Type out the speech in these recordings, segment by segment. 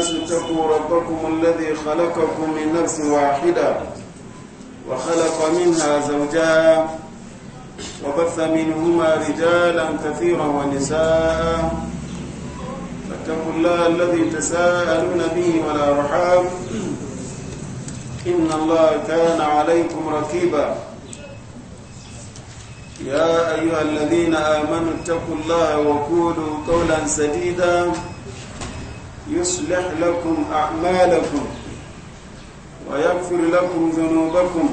الناس اتقوا ربكم الذي خلقكم من نفس واحدة وخلق منها زوجها وبث منهما رجالا كثيرا ونساء فاتقوا الله الذي تساءلون به ولا رحام إن الله كان عليكم ركيبا يا أيها الذين آمنوا اتقوا الله وقولوا قولا سديدا يصلح لكم أعمالكم ويغفر لكم ذنوبكم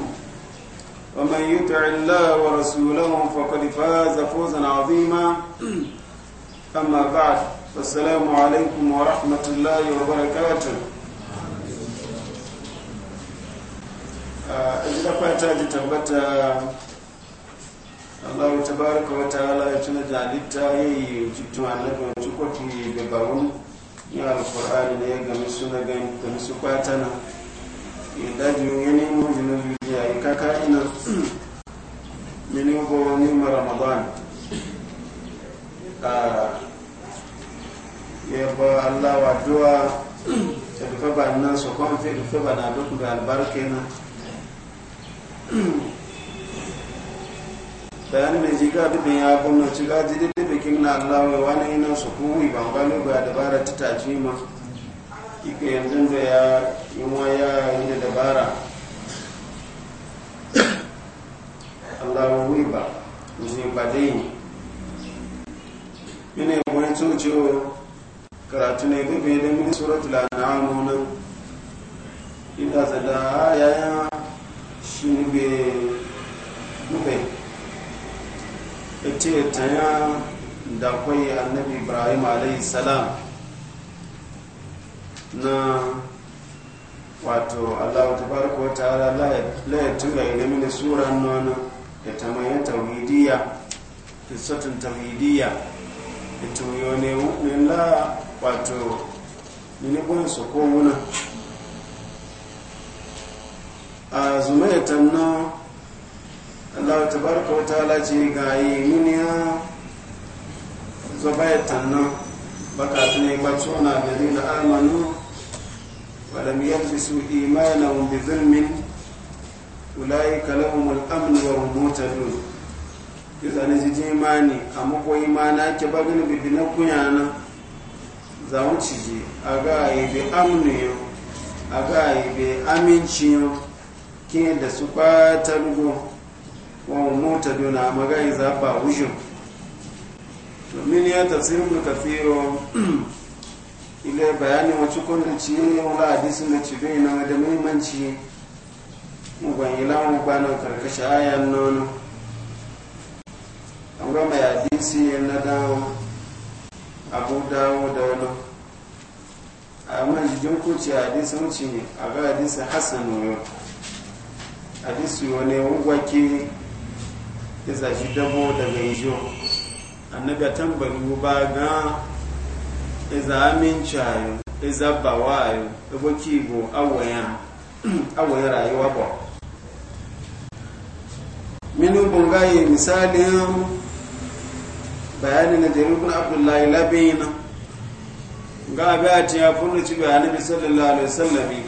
ومن يطع الله ورسوله فقد فاز فوزا عظيما أما بعد فالسلام عليكم ورحمة الله وبركاته Ajira fata ji الله تبارك وتعالى يتنجى ta'ala ya tuna jalita yayi yi alkur'ani da ya gami suna gani gami su kwata na ya daji yana yi mun jina zuciya ya kaka ina mini ko ma ramadan ya ba allah wa duwa ta rufe ba nan su kwan fi ba na duk da albarka na bayanin da jiga bibin ya bunna ci jirgin bikin na Allah wai wani ina su kuwi ban ba ga dabara ta taji ma ika yanzu da ya yi ma ya yi da dabara Allah wui ba ne ba dai ne mene wani tsocewa karatu ne bibin da mini suratul an'am nan inda zada ya ya shi ne be ce ta ya da kwai annabi ibrahim alayhi salam na wato allahu tabaraka wa ta'ala la ya tuga ina mini sura nona ya tawhidiyya tauhidiyya kisatun tawhidiyya ita ne wuɗin la wato mini gwan su ko wuna a ya nan Allah tabaraka wa ta'ala ce ga yi miniya zuwa ya tannan baka su ne ba suna da zai da amanu wa da miyar fi su imana wa bi zulmin ulayi kalahun mul'amni wa rumota dun ki zane ji ji imani a muku imana ki bibi na kunya na, za mu ci je a ga yi bi amni yau a ga yi bi amincin yau kin da su fatar gun wa mota duna magai zafa wujin domin ya tafsir mu kafiro ile bayani wacce kullum ci wala hadisi na ci bai na da muhimmanci mu ban yi lamu bana karkashi ayan nono an gama ya hadisi na dawo abu dawo da wani a majijin kuci hadisi wuce a ga hadisi hassan yau hadisi wani wugwake kisa shi dabo daga yanzu annabi a tambari ba ga iza chayo iza bawayo ibo kibo awayan awayan rayuwa ba minu bungaye misalin bayani na jaribin abdullahi labina ga abi a tiya furu ci bayanin bi sallallahu alaihi wasallam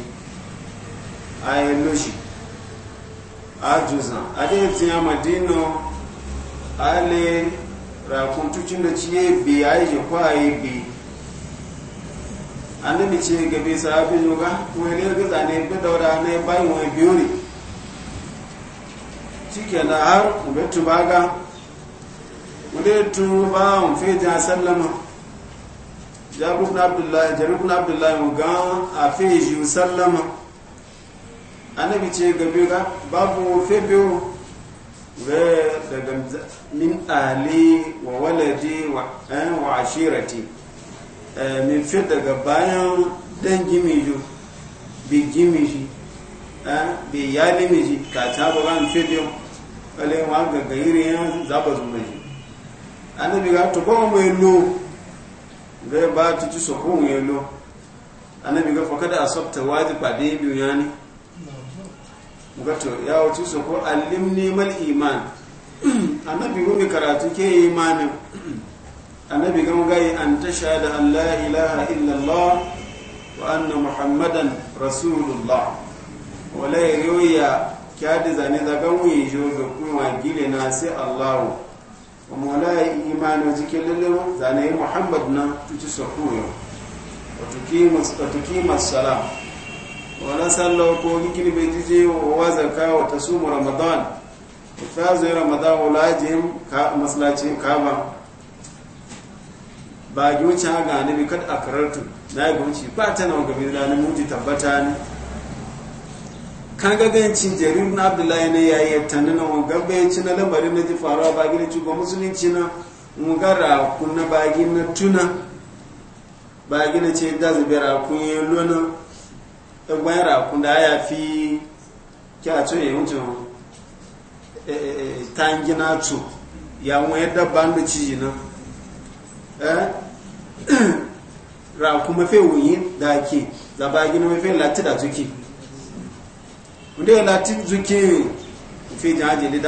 a yi loshi a juzan a dai tiya madina ale rakun tucin da ciye bi ya yi kwaye bi annabi ce gabe sahabin yoga kuma ne ga zane ba daura ne bayan wani biyu ne cike na har ubetu baga ubetu ba mu fi jan sallama jarubun abdullahi jarubun abdullahi mu a fi yi sallama annabi ce gabe ga babu fi biyu daga min ali wa waladi wa ashirati min fi daga bayan dan gimiju bi gimiji bi yali miji ka ta ba ran fi biyo ale wa ga gairi yan zaba zuma ji annabi ga to ba mai lo ga ba tu ci so ko mai lo annabi ga fa kada asabta wajiba bi biyo yani gato ya wuce su ko alim neman iman annabi rumi karatu ke yi imanin annabi gama gaye an ta sha da la ilaha illallah wa anna muhammadan rasulullah wala ya riwaya kya da zane zagan wuyi jo ga kuma gile na sai allahu wa mola ya yi imanin jikin lallewa zane muhammad na tuci sakuyo wa tuki masu salam wani sallo ko gikini bai jije wa zaka wa tasum ramadan ta zai ramadan wala jim ka kaba ba gi wuce ga ne bi kad akarartu na yi gunci ba ta nan gabe da ni muti tabbata ne kan ga gancin jarir na abdullahi ne yayi na wanga bai ci na lamarin na ji faruwa ba gina ci ba musulunci na ngara gara ba gina na tuna ba gina na ce da zubera kun yi lona ẹgbọ́n ẹ̀rà ya fi kí a tó yẹ̀ oúnjẹ wọn tangi na tó yàwọn ẹ̀dá bá ń lọ́tí yìí náà ẹ́ ra kú mẹ́fẹ́ wòye da zabagi na mẹ́fẹ́ láti dà ndé láti tókì òfin ni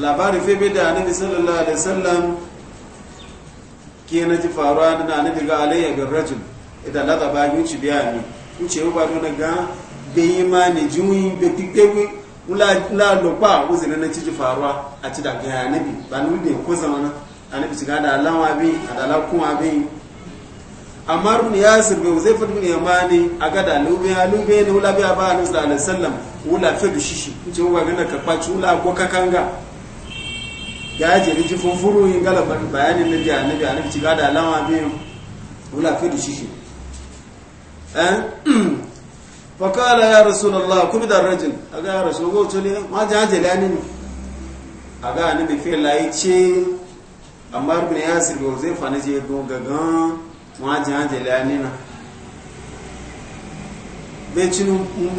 labari fe bi da annabi sallallahu alaihi wasallam ke na ji faruwa na annabi ga alayya rajul idan lada ba yi wuce biya ne ce ba nuna ga yi ma ne jimuyi da pípéwé lálọ́pàá ó sì nínú títí faruwa àti dàgbà ànábì banúdè kó zamana ànábì ti gada da abẹ́ àdàlákún bi amaru ne ya sirbe zai fi ne ma ne a gada lube ya lube ne wula biya ba anu sallallahu alaihi wasallam wula fi da shishi ce wa gana ka kwaci wula ko kakanga ya je riji funfuru yin galabar bayanin na biya annabi annabi ci gada alama bi wula fi da shishi Eh? fakala ya rasu rasulallah kuma da rajin a ga ya rasu goto ne ma ji hajji lani ne a ga ni bi fiye layi ce amma rubin ya sirbe wa zai fana je gogagan ma ji hajji lani na bai ci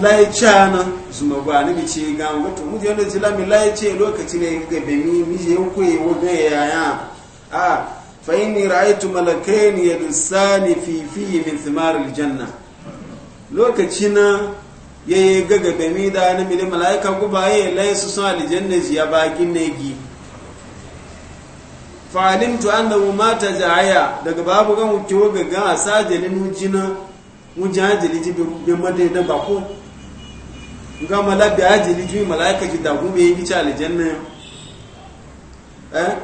layi ca na su magwa ni bi ce ga wato mu je wanda ci lami layi ce lokaci ne ga bai mi yi je yi e wa ga yaya a ah, fa inni ra'aytu malakaini yadussani fi fi min thimar aljanna lokaci na ya yi gaga gami da na mili mala'ika guba ya yi laye su sun alijanna ji ya baƙi na gi tu an da mata jaya daga babu gan wuce wa gaga a sajalin mu ji hajjali ji bin madai na bako ga malabi hajjali ji mala'ika ji dagu mai yi ci alijanna eh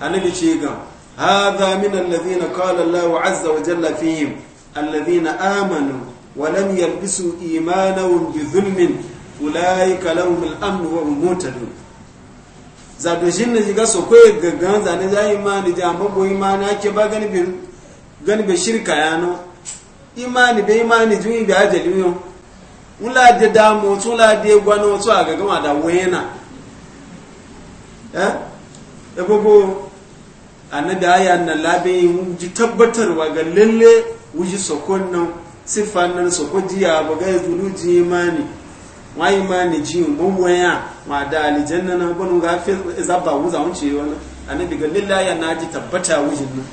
annabi ce ga hadha min alladhina qala Allahu azza wa jalla fihim alladhina ولم يلبسوا إيمانهم بظلم أولئك لهم الأمن وهم مهتدون zato shi ne shiga su kwaye gaggan zane za imani da mago imani ake ba gani bai shirka yano imani bai imani jini bai ajali yau wula da damu wasu wula je ya wasu a gagama da wayana ya a na da aya na labin yi ji tabbatarwa ga lalle wuji sokon nan siffan nan su kujiya ba ga zulu imani wa imani ji mumwaya ma da alijanna na banu ga fi zabba wuza wuce wani annabi ga lillahi na ji tabbata wujin nan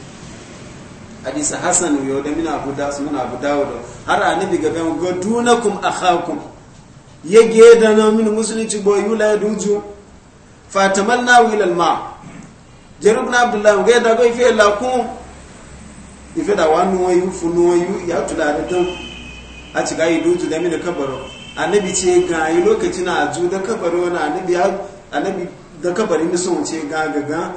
hadisa hasan yo da mina abu da su mina abu dawud har annabi ga ban ga dunakum akhakum yage da na min musulunci boyu la duju fatamanna wilal ma na abdullah ga da ga fi lakum ife da wani wayu funu wayu ya tu da don a ci gayi dozu da mini kabaro annabi ce ga yi lokacin a ju da kabaro na annabi ya annabi da kabari ni sun ce ga ga ga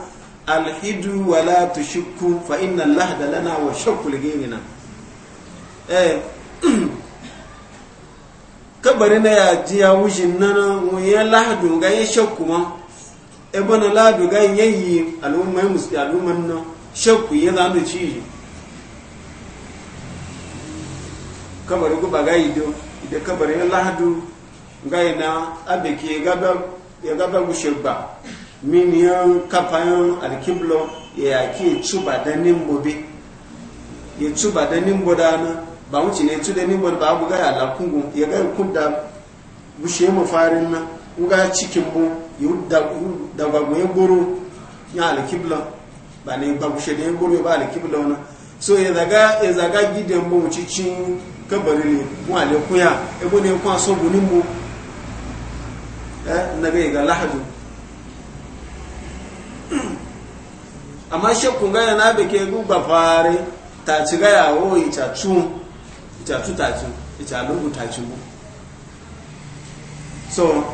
alhidu wala tushikku fa inna allah da lana wa shakku ligirina eh kabari na ya ji ya wushin nan wuyan lahadu ga yin shakku ma ebe na lahadu ga yin yayi al'ummar musulman nan shakku ya zanu ci kabari ba ga ido ida kabari ya lahadu ga ina abeki ya gaba gushe ba miniyan kafayan kapa ya yaki cuba da nimbobe ya cuba da nimbo da na ba wuce ne cu da nimbo ba abu ga ya lakungu ya ga kudda gushe mu farin na nga cikin ya da gwagwa ya buru ya alikiblo ba ne ba gushe da ya buru ya ba alikiblo na so ya zaga gidan bu cicin kabari ne mu alekun ya ne kun aso bu mu eh na ga lahadu amma shakku ga na be ke gu ba fare ta ci ga ya o tu tu ta ci ita lugu ta ci bu so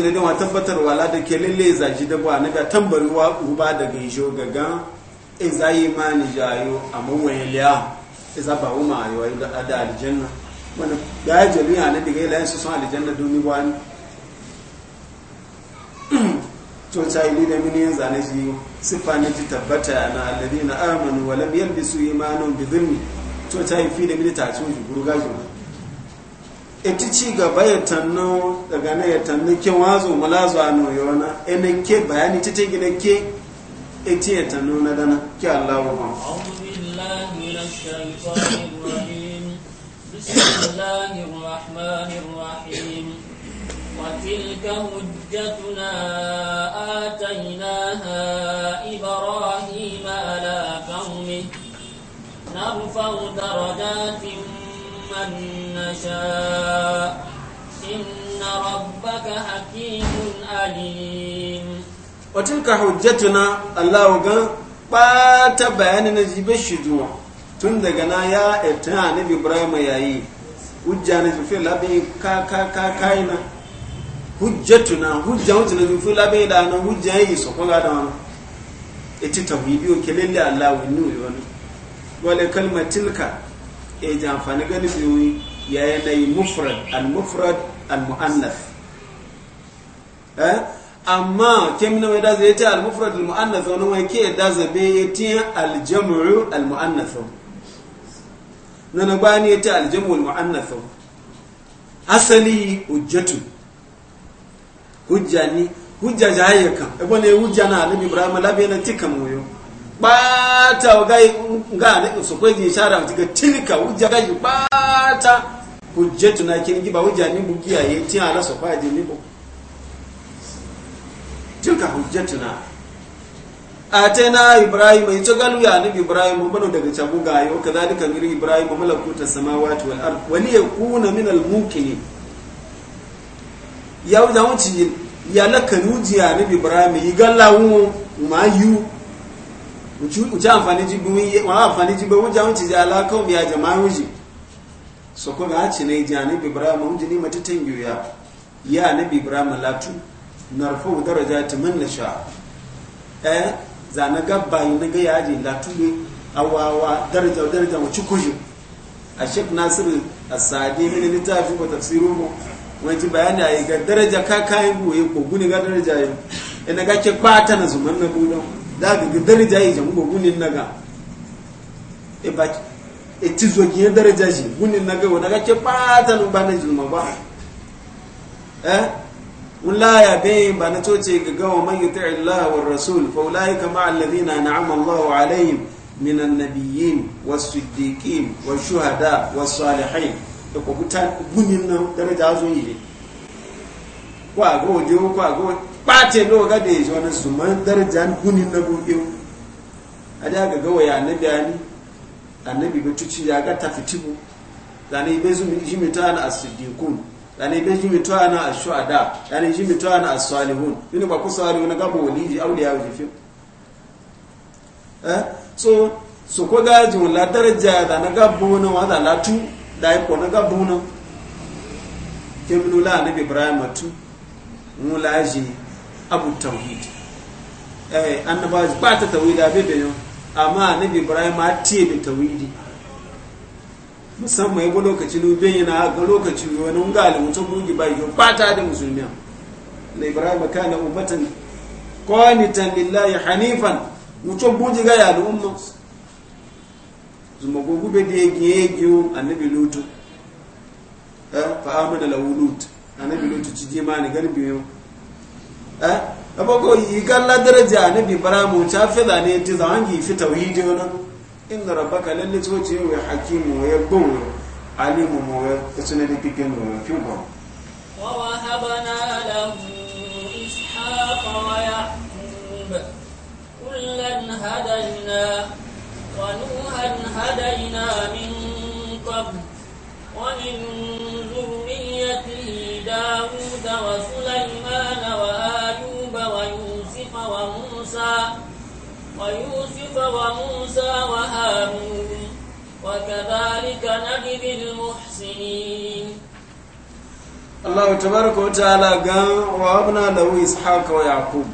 ne don tabbatar wala da ke lalle zaji da ba na ga tambari wa uba daga ijo zai mani jayo amma iza ba wuma yi wa da aljanna wani ya yi jami'a na daga ilayen su sun aljanna domin wani coca ili da mini yin zane shi siffa na ji tabbata na alladi na amanu walam yalbi su imanin bizirmi coca yi fi da mini tace shi gurga juna. eti ci gaba ya tanno daga na ya tanno ke wazo mulazo a na ina e ke bayani ta ta gina ke eti ya tanno na dana ke allahu ma'am الشيطان الرجيم بسم الله الرحمن الرحيم وتلك حجتنا آتيناها إبراهيم على قومه نرفع درجات من نشاء إن ربك حكيم أليم وتلك حجتنا الله قال بات بيان نجيب الشدوة tun daga na ya etan annabi ya yayi hujja na zufi labi ka ka ka kai na hujjatuna hujja hujja zufi labi da na hujja yi so ga da wani ita tauhidi o kele allah wa nu yo ne wale kalma tilka e ji amfani ganin biyoyi ya yanayi mufrad al mufrad al muannath eh amma ke mina wai daza ya ce al mufrad al muannath wani wai ke da bai ya tiyan al jam'u al muannath na na bani ya ce aljamul mu'annath asali hujjatu Hujjani, ni hujja jaye kan ebo ne hujja na annabi ibrahim labe na tika moyo bata ga ga ne so ko ji shara tiga tilka hujja ga bata hujjatu na kin ba hujja ni bugiya ye tin ala so fa ji ni bo tilka na. atena ibrahim ito galu ya nabi ibrahim bano daga cabu gayo kadhalika miri ibrahim malakuta samawati wal ard wali yakuna min al ya yau da wuci ya la kanuji ya nabi ibrahim ma mayu uju uja amfani yi wa amfani jibu uja wuci ya la kaum ya jama'a wuji so ko ga ci ne ja nabi ibrahim mun ni mata tangiyo ya ya nabi ibrahim latu narfu darajati man nasha eh za gabba yi na gaya ji a awawa daraja daraja wa cikuju a shek nasiru a sadi mini littafi ko tafsiru mu wani bayani a yi ga daraja ka kayan buwaye ko guni ga daraja yi ina ga ke kwata na zuman na budan da ga ga daraja yi jamu ko gunin na ga e ba e ti daraja shi guni na ga wani ga ke kwata na ba na ba eh ولا يبين بانتوتي غو من يطع الله والرسول فاولئك مع الذين انعم الله عليهم من النبيين والصديقين والشهداء والصالحين ekukutan gunin nan daraja zo yi ko ago je ko ago pate lo ga de zo na su man darajan gunin na gobe ada ga gawa ya annabi ani annabi ga tuci ya ga tafitibu zane ibezu mi jimita al-siddiqun yani be jimi to ana ashuada yani jimi to ana as-salihun yini ba kusari na gabo waliji awliya fi eh so so ko ga jin la daraja da na gabo na wa da latu da ko na gabo na kemnu la nabi ibrahim tu ji abu tauhid eh annabawa ba ta tauhida bebe yo amma nabi ibrahim ma tiye bi tauhidi musamman bu lokacin lubin yana haka lokacin wani ga alimuta bugi ba yi fata da musulmi na ibrahim na ummatan kwanitan lillahi hanifan mutum buji ga ya al'umma zuma gogu be da yake yake annabi lutu eh fa amana lahu a annabi lutu ci jima mani gani yau ya eh, abako yi kalla daraja annabi ibrahim ta fi zane ta zangi fi tauhidi wannan inna rabbaka lalle tsoci yau ya hakimu ya gbon alimu mu ya tsuna da gigin mu fi ba wa wahabna lahu ishaqa wa yaqub kullan hadayna wa nuhan hadayna min qabl wa min dhurriyyatihi dawuda wa sulaimana wa ayuba wa yusufa wa musa ويوسف وموسى وهارون وكذلك نجزي المحسنين الله تبارك وتعالى قال وهبنا له إسحاق ويعقوب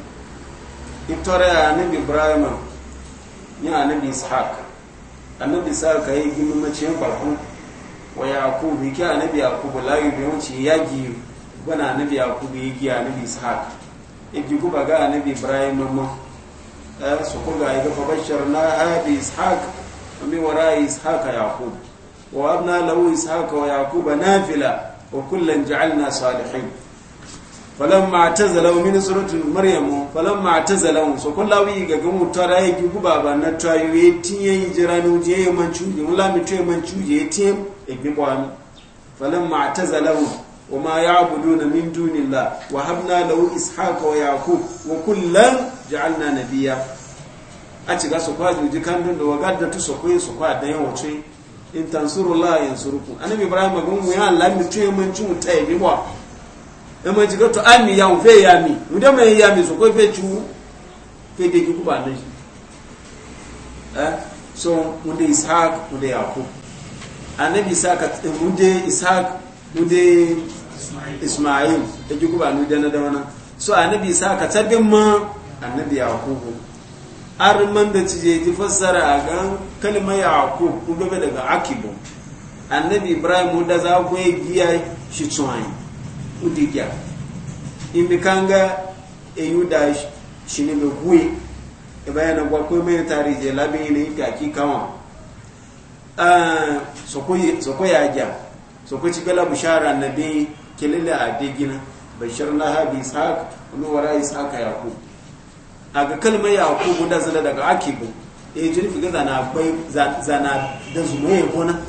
itore ya nabi ibrahim ya nabi ishaq annabi ishaq yi gimi mace barku wa yaqub yake annabi yaqub la yubi mace ya gi bana annabi yaqub yake annabi ishaq yake guba ga annabi mu Eh, su kuga ya gafa na abi ishaq min wara ishaq yaqub wa abna lahu ishaq wa yaqub nafila wa kullan ja'alna salihin falamma tazalaw min surati maryam falamma tazalaw so kullawi ga gumu tara ya gugu baba na tayu yi tiye jiranu je manchu je mula tiye manchu je tiye e gbani falamma tazalaw O ma yi abudu na min duni wa hamna na da wu isha wa ya ku, wa kun lan, joɛna na biya. Acika sokɔ, ajiye kan dondo, wa ga dandatu sokɔ yin sokɔ yi a dayan wa tsi yin. In tansururla yanzurku. An yanzu Ibrahim Maguioja, mu yi hali lamini tuse mai tuse, mu bi bɔ a ko. Amadu gato Ami ya fi yi a mu de ma yi a mi sokɔ yi fiyarci mu. Fiyarci kuma an danyi. So mu de isa mu de ya ku. A nefa isa kan san mu de isa nude ismail ta ji kuba nude na dauna so annabi sa ka tabin ma annabi yakubu har man da cije ji fassara a gan kalmar yakub ku gabe daga akibu annabi ibrahim da za ku yi giya shi tsuwani udigya in bi kanga eyu da shi ne mai guwe e bayan gwa ko mai tarihi je labe ne ka ki kama ah so ya gya so ci gala bushara na dai kelele a digina bashar na habi ishaq wani wara ishaq yaqub a ga kalmar yaqub da zala daga ake bu eh jini fi gaza na bai zana da zuma ya gona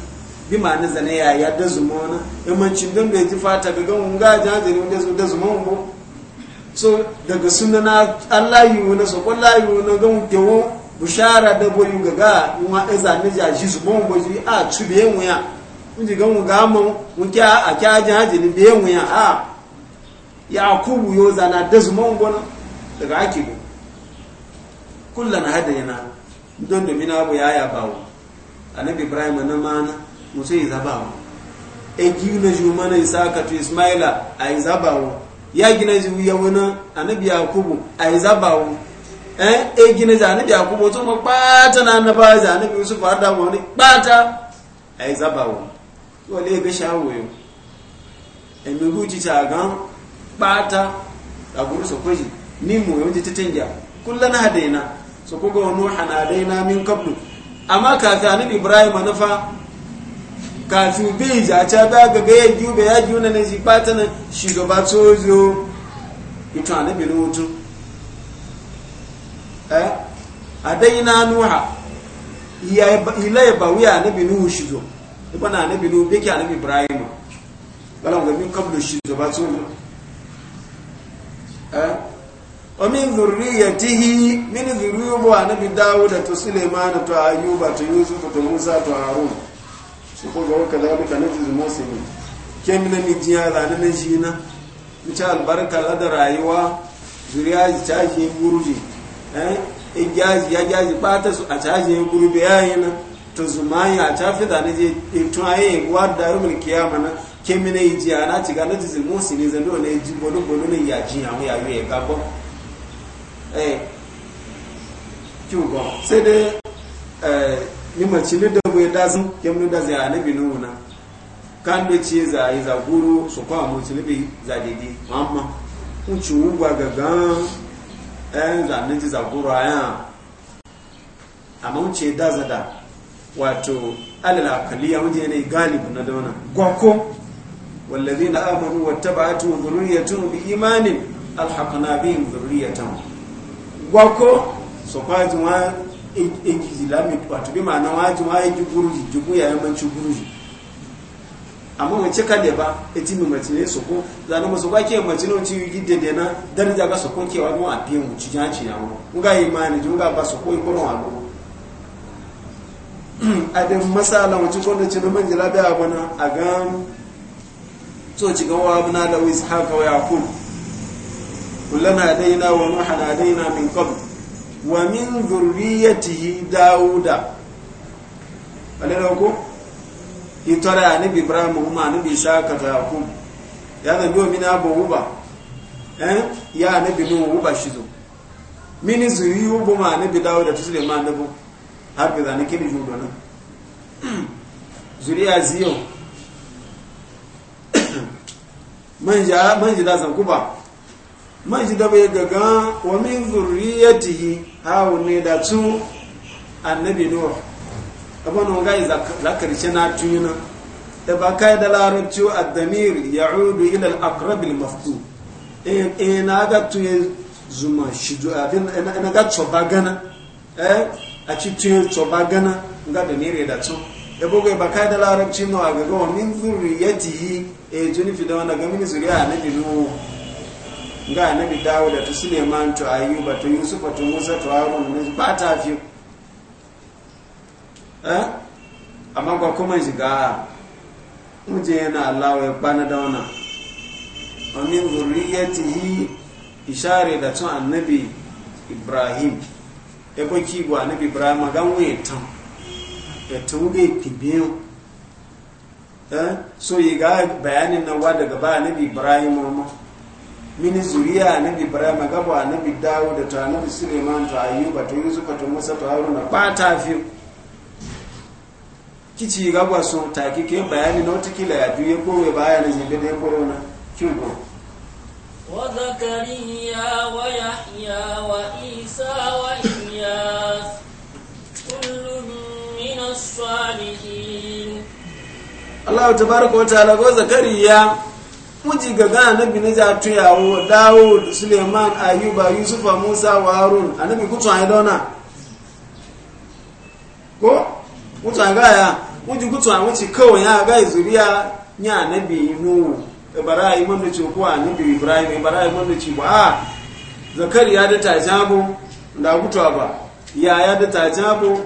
bi ma na zana ya ya da zuma wani imancin don bai ji fata ga gan wunga jajiri wanda su da zuma wungo so daga suna na Allah yi wani so kwallo yi wani gan kewo bushara da boyu gaga wani iza na jaji zuma wungo ji a cube yin wuya nji ga ga mu nke a kya ji haji ni biye mu ya a yakubu yo zana dazu mon bona daga akibu kullana hadayna don domin abu ya ya bawo annabi ibrahim na mana musu eji na e gina jumana isaka to ismaila a yi zabawo ya gina ji wuya wani annabi yakubu a yi zabawo eh e na ji annabi yakubu to ma bata na annabawa ji annabi yusuf har da wani bata a yi zabawo wọ́n lé ebe ṣàwòyò ẹ̀mí hújì tí àgán pátá àgbòrò sọ̀kọ́jì ní mò yóò ti títí ìjà kúlẹ̀ náà dèna sọ̀kọ́gọ́ ọ̀nà hànà dèna mí kọ́pù àmá kàfí àní ibrahim anufa kàfí bí ìjà àti abẹ́ agbègbè ẹjú bẹ̀ ẹjú nínú ìjì pátá ní ṣìjọba tó yọ ìtàn àníbì ní ojú ẹ àdéyìn náà nù hà ilẹ̀ ìbàwí àníbì ní oṣù yọ ibana anabi lu beke anabi ibrahim wala ngo min qablu shi zo ba tun eh wa min dhurriyyatihi min dhurriyyu anabi daud to sulaiman to ayuba to yusuf to musa to harun su ko ga waka da ka nufi musulmi kemina mi jiya da na jina mu ta albarka da rayuwa zuriya ji ta ji gurbi eh in ya ya ji ba su a ta ji gurbi yayin to ya a tafi da nije tun aye wa daru mil kiyama na kemina iji ana ti ga lati zimu si ne zanu ne ji bolu bolu ne ya ji àwọn ya ye ga bo eh ki go sai de eh ni ma ci ne da bo da sun kemina da bi anabi nuna kan da ci za yi za guru su kwa mu ci libi za dede amma kun ci wu ba gagan eh za ne ji za guru aya amma mun ce da wato alal akali ya wajen ne galibu na dauna gwako wallazi na amuru wata ba ta zurriyatun bi imanin alhaqna bihim zurriyatan gwako so kwa kwaji wa egizi lami wato bi ma'ana wa waji wa egi guruji jugu ya yi manci guruji amma mace kale ba eti mu mace ne soko zanu masu soko ke mace no ci yi dede na darja ga soko ke wa mu a biyan mu ci janci ya mu ga imani ju ga ba soko ko no wa Hmm, a adin masala wacin kwanda cikin na a da abana a gan so ci gan wa abuna da wis haka wa yakun kullana daina wa mahana daina min qabl wa min dhurriyyatihi dauda alera ko itara ni bi ibrahim huma ni bi shaka ta yakun ya da biyo min abu uba eh ya ne bi mu uba shizo mini zuri ubo ma ne bi dauda da ma ne bu har ga zane kini ju donan zuriya ziyo manja manji da san kuba manji da bai gaga wa min zurriyatihi hawo ne da tu annabi nuwa abana ga zakarice na tuyuna da e ba kai da larabci ad-damir ya'udu ila al-aqrab al-mafqud in e, e in tuye zuma shidu abin in aga tsoba gana eh a ci tuyo gana nga da nire da tun e da bugu ba kai da larabci nawa ga gawa min zuriyatihi e jini fi da wanda ga min zuriya na bi nuhu nga annabi dawuda to suleiman to ayuba to yusufa to musa to harun ne ba ta fi eh amma kwa kuma shiga muje yana allah ya bana da wannan wa min zuriyatihi ishare da tun annabi ibrahim ebo kibo anabi ibrahima ganwe tan etan ga kibiyan so yi ga bayanin na wa daga ba anabi ibrahima ma mini zuriya anabi ibrahima gabo anabi dawo da ta anabi suleiman ta ayyuba ta yusufa ta musa ta haruna ba ta fi kici gabo so ta kike bayani na wata kila ya biyu ya kowe bayanin yi da ya kowe na kibo وزكريا ويحيى وعيسى وإبراهيم ta الصالحين الله تبارك وتعالى وزكريا muji gaga annabi na ja tuyawo dawud suleiman ayuba yusufa musa wa harun annabi kutu an na? ko kutu a gaya muji kutu a wuce kawai ya gaya zuri ya? ga zuriya nya annabi nuhu yi mun ce ko annabi ibrahim yi mun ce ba zakariya da tajabu da gutuwa ba yaya da tajabu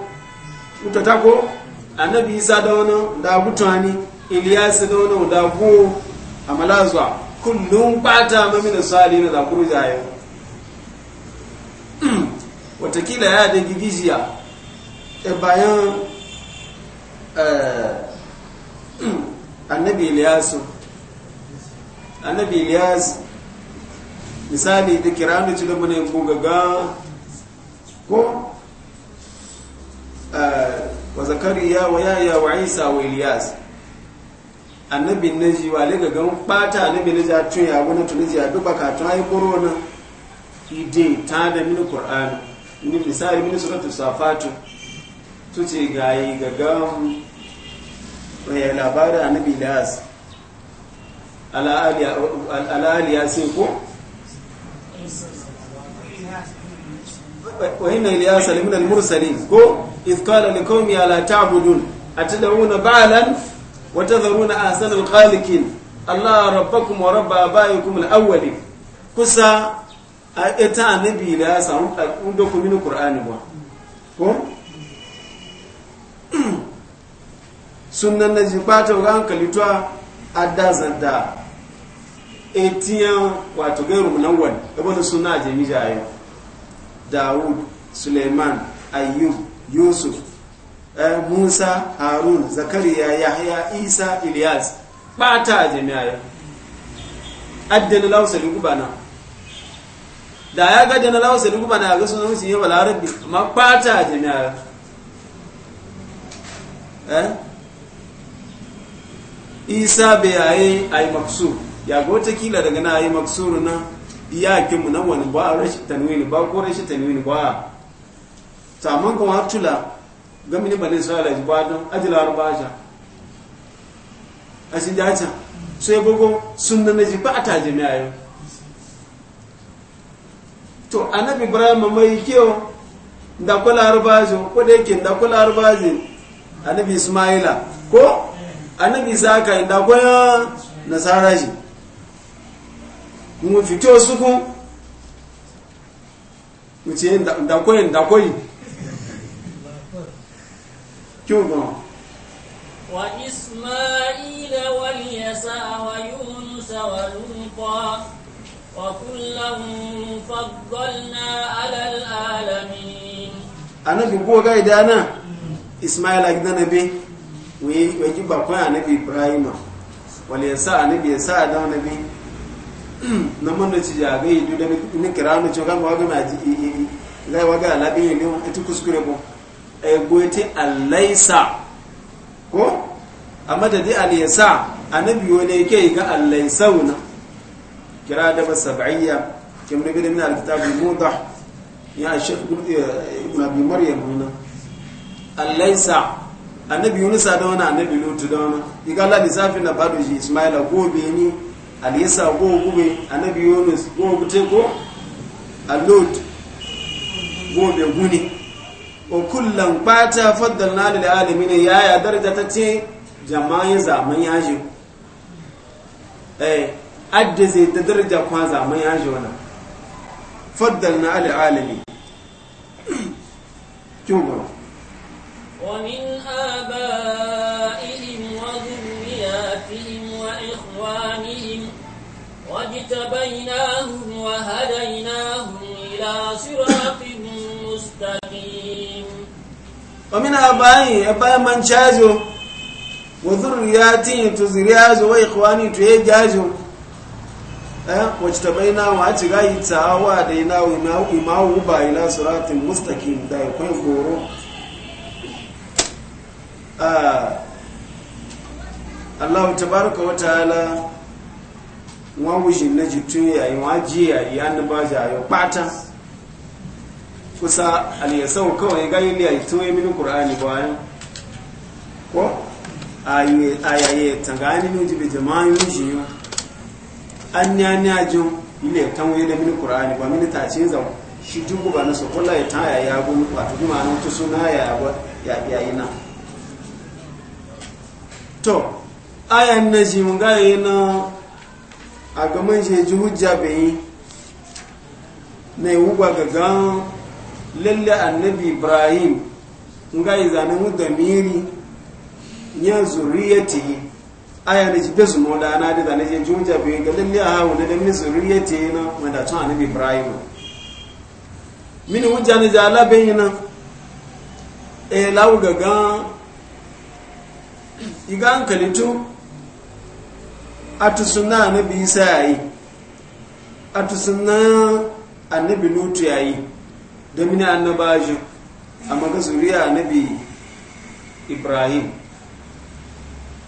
mutata ko annabi isa da wani da gutani iliyasi da wani da go amalazwa kullum bata mamin salina da kurja yau watakila ya da gigijiya e bayan eh, annabi iliyasu annabi iliyasu misali da kiranu ci da mune ko gaga ko wazakariya wa yaya wa isa wa ilyas annabi naji wa ga gan bata annabin naji a ya na tun a duba ka tun ayi korona ide ta da mini qur'ani mini misali mini suratul safatu su ce ga yi ga gan ya labarin annabi ilyas ala ya sai ko wahinna ilyasa limin al-mursalin ko iz qala liqawmi ala ta'budun atadawuna ba'lan wa tadharuna ahsana al a ita annabi ilyasa un doku ba ko sunan na jibata ga hankali to adazanta etiyan wato gairu mulawwal da suna jami'a yau dawud suleiman ayyub yusuf eh, musa harun zakariya yahya isa ilyas ta jami'a ya addana lausalin gubana da ya ga dana lausalin gubana ya ga zama shi yawa larabi amma ta jami'a ya eh? isa bai yayi ay maksu, ya ga wata kila daga na ayi maksu na iyaki wani ba a rashin tanwini ba ko rashin tanwini ba saman kan hatula gamini bani isra'ila ji ba don ajiyar ba sha a shi jaja so ya bugu sun na ji ba a taje mai ayo to annabi ibrahim mai kiyo da kula arbazo ko da yake da kula na annabi isma'ila ko annabi zaka da kula nasara mun fito su kun mu ce dakoyin dakoyi kyau gama wa isma'ila wal yasa wa yunus wa lupa wa kullum faddalna alal alamin annabi ko ga idana isma'ila gidan nabi wai wai ba ko annabi ibrahima wal yasa annabi yasa da bi. na mana ci ya ga yidu da ni kira no ci ga ma ga ma ji ga wa ga labi ni etu kuskure bo e goyete alaysa ko amma da di alaysa annabi wani yake ga alaysa una kira da ba sab'iyya kim da bidin al-kitab al-mudah ya shaykh ibn abi maryam huna alaysa annabi yunus da wani annabi lutu da wani igala lisafin na bado shi ismaila gobe ni alisa goma gube annabi yunus goma gute ko alod goma bai gune o kullum bata faddal na da alamina ya ya daraja ta ce jama'in zaman yaji eh adda zai ta daraja kwa zaman yaji wannan faddal na alalami kin gaba wa min abaihim wa dhurriyyatihim wa ikhwanihim واجتبيناهم وهديناهم إلى صراط مستقيم ومن أبائي أبائي من شاجو وذرياتي تزرياجو وإخواني تيجاجو wajtabainahu a ci yi tsawa da ina imawu ba ila suratin mustaqim da kwai goro Allah tabaraka wa ta'ala wọ́n wùsì lẹ́jì tún yàyí wọ́n jí yàyí annabaji ayọ̀ pátá kusa aliyasau kawai ga yi a tun eh? yi mini ƙura'ani bayan ko ayaye tangani ne jibe jama'in shi yi an ya ni ní ile tan wuye da mini ƙura'ani ba mini tace zan shi jugu ba na sokola ya ta yaya gudu wato kuma na wata suna yayi na to ayé na jimin gaya na a ga man shi ji na yi wuba ga gan lalle annabi ibrahim nga yi zane mu da miri ya zuriyati aya ne ji bezu mo da na da zane je ji ga lalle a hawo da min zuriyati na wanda tun annabi ibrahim mini hujja ne ja la bai na e eh, lawo ga gan igan kalitu atusuna annabi isa yayi atusuna annabi lutu yayi domin annabaji amma ga zuriya anabi ibrahim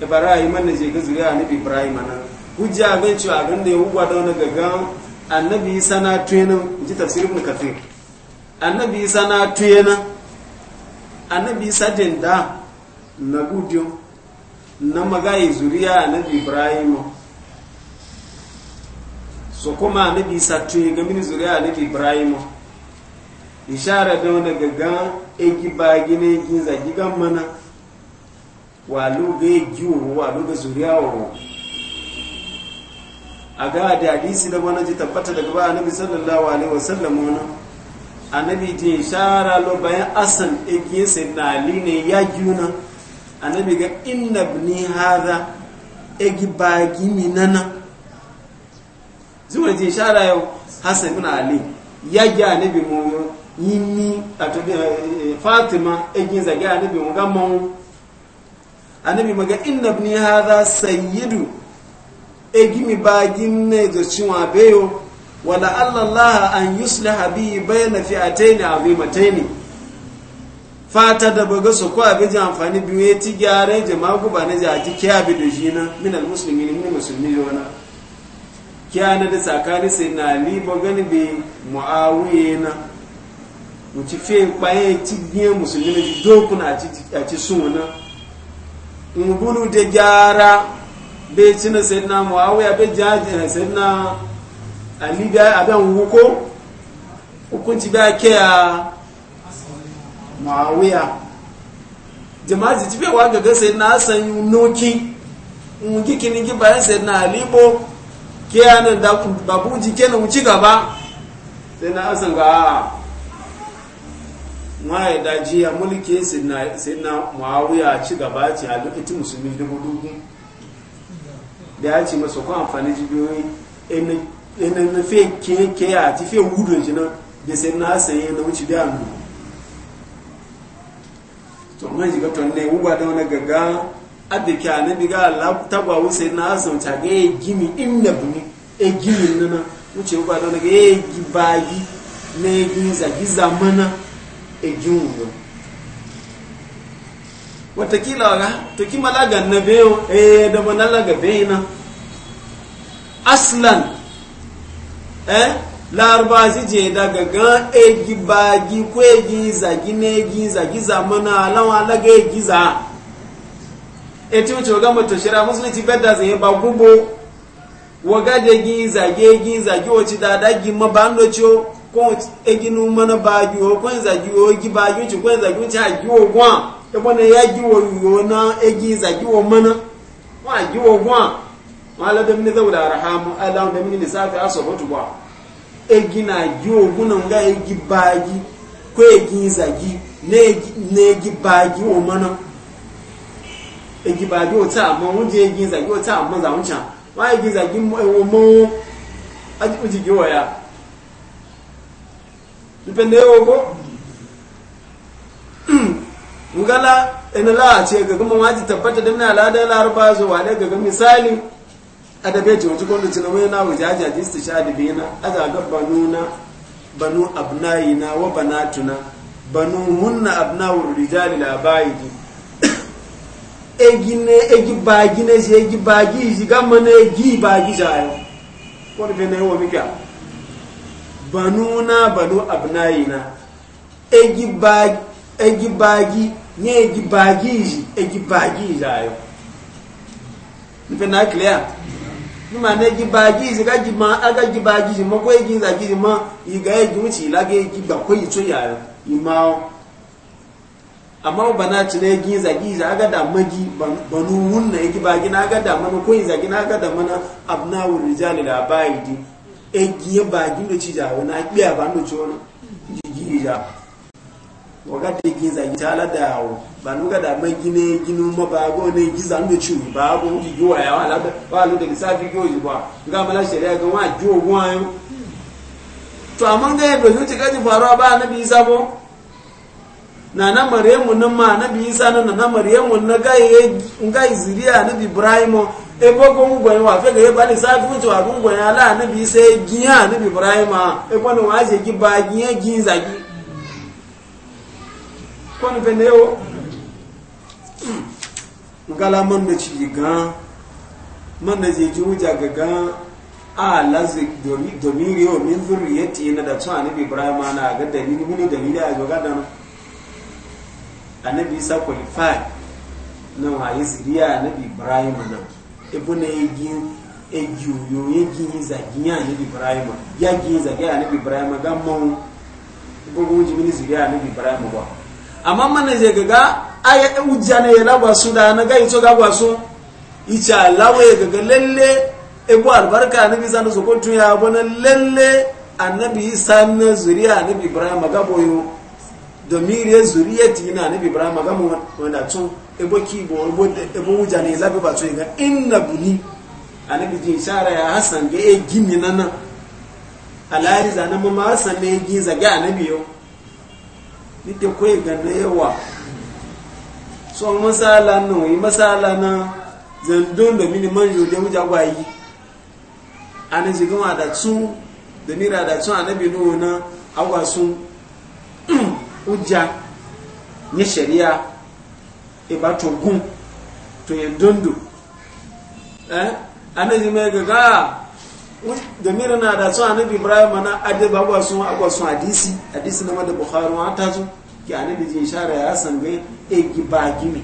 ibrahim ne je ga zuriya anabi ibrahim nan hujja bai cewa ga da yahuwa da wani gaggan annabi isa na tuyena ji tafsir ibn kathir annabi isa na tuyena annabi isa da na gudiyo na magayi zuriya annabi ibrahim so kuma annabi isa tuye ga mini zuriya annabi ibrahimu ishara da wani gaga egi ba gine egi zagi gan mana walu ga egi wuru walu ga zuriya wuru a ga da hadisi da wani ji tabbata daga ba annabi sallallahu alaihi wasallam wani annabi ji ishara lo bayan asan egi sai na ali ne ya giuna annabi ga inna ni hadha egi ba gimi nana zuwa ji ishara yau hassan ibn ali ya gi anabi mu yi ni a tobi eh, eh, fatima egin zage anabi mu ga mawu anabi maga inna ibn hadha sayyidu egimi gin ne zo cinwa beyo wala allah an yusliha bi bayna fi'atayn azimatayn fata da baga su bi abin amfani biyu ya ti gyara jama'a guba na jaji kiya bi da shi na minal musulmi ne musulmi ne wani kyana da tsakani sai na liba gani bai mu'awiye na ci fe kpaye ci biye musulmi na doku a ci sun wani ngulu da gyara bai ci na sai na mu'awiya bai jaji na sai na aliga abin wuko hukunci ba ke a mu'awiya jama'a ji ci bai wa gaga sai na sanyi noki ngikini gi bayan sai na alibo ke yanar da babuji ke na wuci gaba sai na asan ga ah, a ma'ai da jiya mulki sai na ma'awuya ci gaba ce a lokacin musulmi dubu dubu da ya ce masu kwan amfani jibiyoyi ɗanen na fe ke a ti fe wudon ji na da sai na asan yi na wuci da nuna to mai jiga tonne wuba da wani gaggawa abin kya na biga Allah tagwa wuce na azan ta ga ya gimi inna buni e gimi nana wuce ba don ga ya gi bayi na ya gini zagi zamana e gimi wuyo e e watakila ga to ki malaga e na beyo eh da manala ga bayina aslan eh larba zije daga gan egi bagi ko egi zagi ne egi zagi zamana alawa alaga egi za eti wuce waga mata shira musulunci bedda zai ba gubo waga da gi zage gi zage wace da da gi ma ba ndo cho ko eginu mana ba gi o ko zage o gi ba gi ko zage wuce a gi o gwa e ko ne ya gi o yo na egi zage o mana wa gi o gwa ma la da mini zawla arham ala da mini nisafi asabatu ba egi na gi o guna nga egi ba gi ko egi zage ne egi ba gi o mana egi ba bi ota amo won je egi za gi ota amo za won chan wa egi za gi mo ewo mo aji uji gi wa ya dipende ewo ko ngala enala ce ga kuma waji tabbata dinna alada larba zo wa daga ga misali adabe ce wajen kwanu cina mai na waje aji aji su sha da bena aza ga banu na banu abnayina wa banatuna banu munna abnawur rijali labayi egine egi bagi ne se egi bagi si ga mana egi bagi jayo ko de ne wo mika banuna banu na egi bagi egi bagi ne egi bagi si egi bagi jayo nipe na clear ni ma ne egi bagi si ga ji ma aga ji bagi si mo ko egi za ji ma iga egi uchi la ga egi ba ko yi to yayo imao amma bana ci ne gi zagi za ga da magi banu wunna yake ba gina ga da mana ko zagi na ga da mana abnawu rijal la baidi e gi ba gi no ci ja na biya ba no ci wona gi gi ja ga te gi zagi ta la da wo banu ga da magi ne ginu ma ba go ne gi za no ci ba go gi gi wa ya wala da wala da sa fi go ji ba ga mala sharia ga wa jo wa to amma ga yadda zuci gaji faruwa ba na bi sabo? na na maryamu na ma na bi isa na na maryamu na gai gai zuriya na bi ibrahim e bogo ngwa wa fe ga ba ni sa fu to agun gwa ya la na bi se giya na bi ibrahim e bo no wa je gi ba giya gi za gi ko ni fe ne o hmm. ngala man ne ci ga man ne je ji wuja ga ga a lazi domin domin yo min zuriyati na da tsani bi ibrahim na ga dalili mun dalili a ga da na annabi isa qualified na waye siriya annabi ibrahim na ibu na egin egiyoyo yi zagi ya annabi ibrahim ya gin zagi annabi ibrahim ga mun ibu go mini siriya annabi ibrahim ba amma mana je gaga aya ujana ya lagwa su da na ga ito gagwa su ita lawa ya gaga lalle ibu albarka annabi isa na sokotu ya bana lalle annabi isa na zuriya annabi ibrahim ga boyo domire zuriyati yana nabi ibrahim ga mu wanda tun ebo kibo ebo wuja ne labi ba tun ga inna buni anabi ji shara ya hasan ga e gimi nana alari zana mama hasan ne gi a anabi yo nite koy ga na yawa so masala na yi masala na zandon domin man manjo da wuja gwayi ana ji gama da tun da mira da tun anabi na agwa sun hujja nye shari'a e ba to gun to yin dundu eh anaji mai gaga da mira na da sun anabi ibrahim na ade ba gwa sun akwa sun hadisi hadisi na mada bukhari wa ta zo ki anabi jin shara ya sangai e giba gimi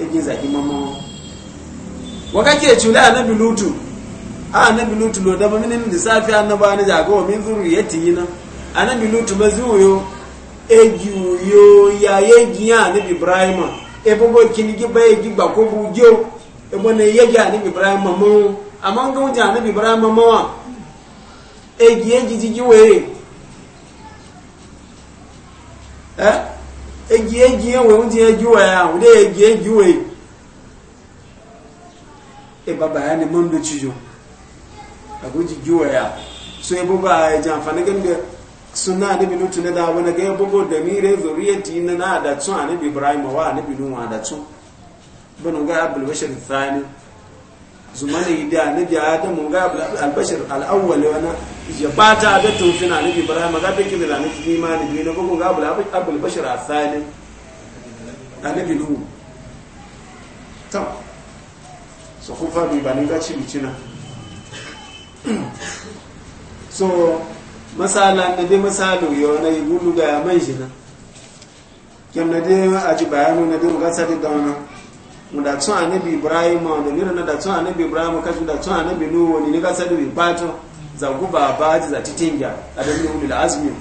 e gin zaki mamma wakati ya chula anabi lutu a anabi lutu lo da ba minin lissafi annaba ne jago min zuriyati na anabi lutu bazi uyo egi uyo ya yegi ya anabi ibrahima ebogo kinigi ba egi gbako bujo ebo na yegi anabi ibrahima mo amma ga wuce anabi ibrahima mawa egi egi jigi were eh egi egi ewe wuce egi waya wude egi egi we e baba ya ne mun da cijo abuji giwaya so ebogo a jan fanagan da suna nabi lutu na da wani ga bugo da mire na na da tun anabi ibrahim wa nabi nuhu da tun bin ga abul bashir thani zumana idi anabi adam ga abul bashir al awwal ya bata da ibrahim ga bi kibira ne ma ne bugo ga abul bashir al thani so kufa bi bani ga ci so masala na dai masalu yau na yi ibulu ga man shi na kyan na dai aji bayanu na dai mugasa da dauna mu da tun annabi ibrahim da nira na da tun annabi ibrahim ka da tun annabi nuhu ni ne ka sadu bi pato za ku ba ba ji za a da ne da azmi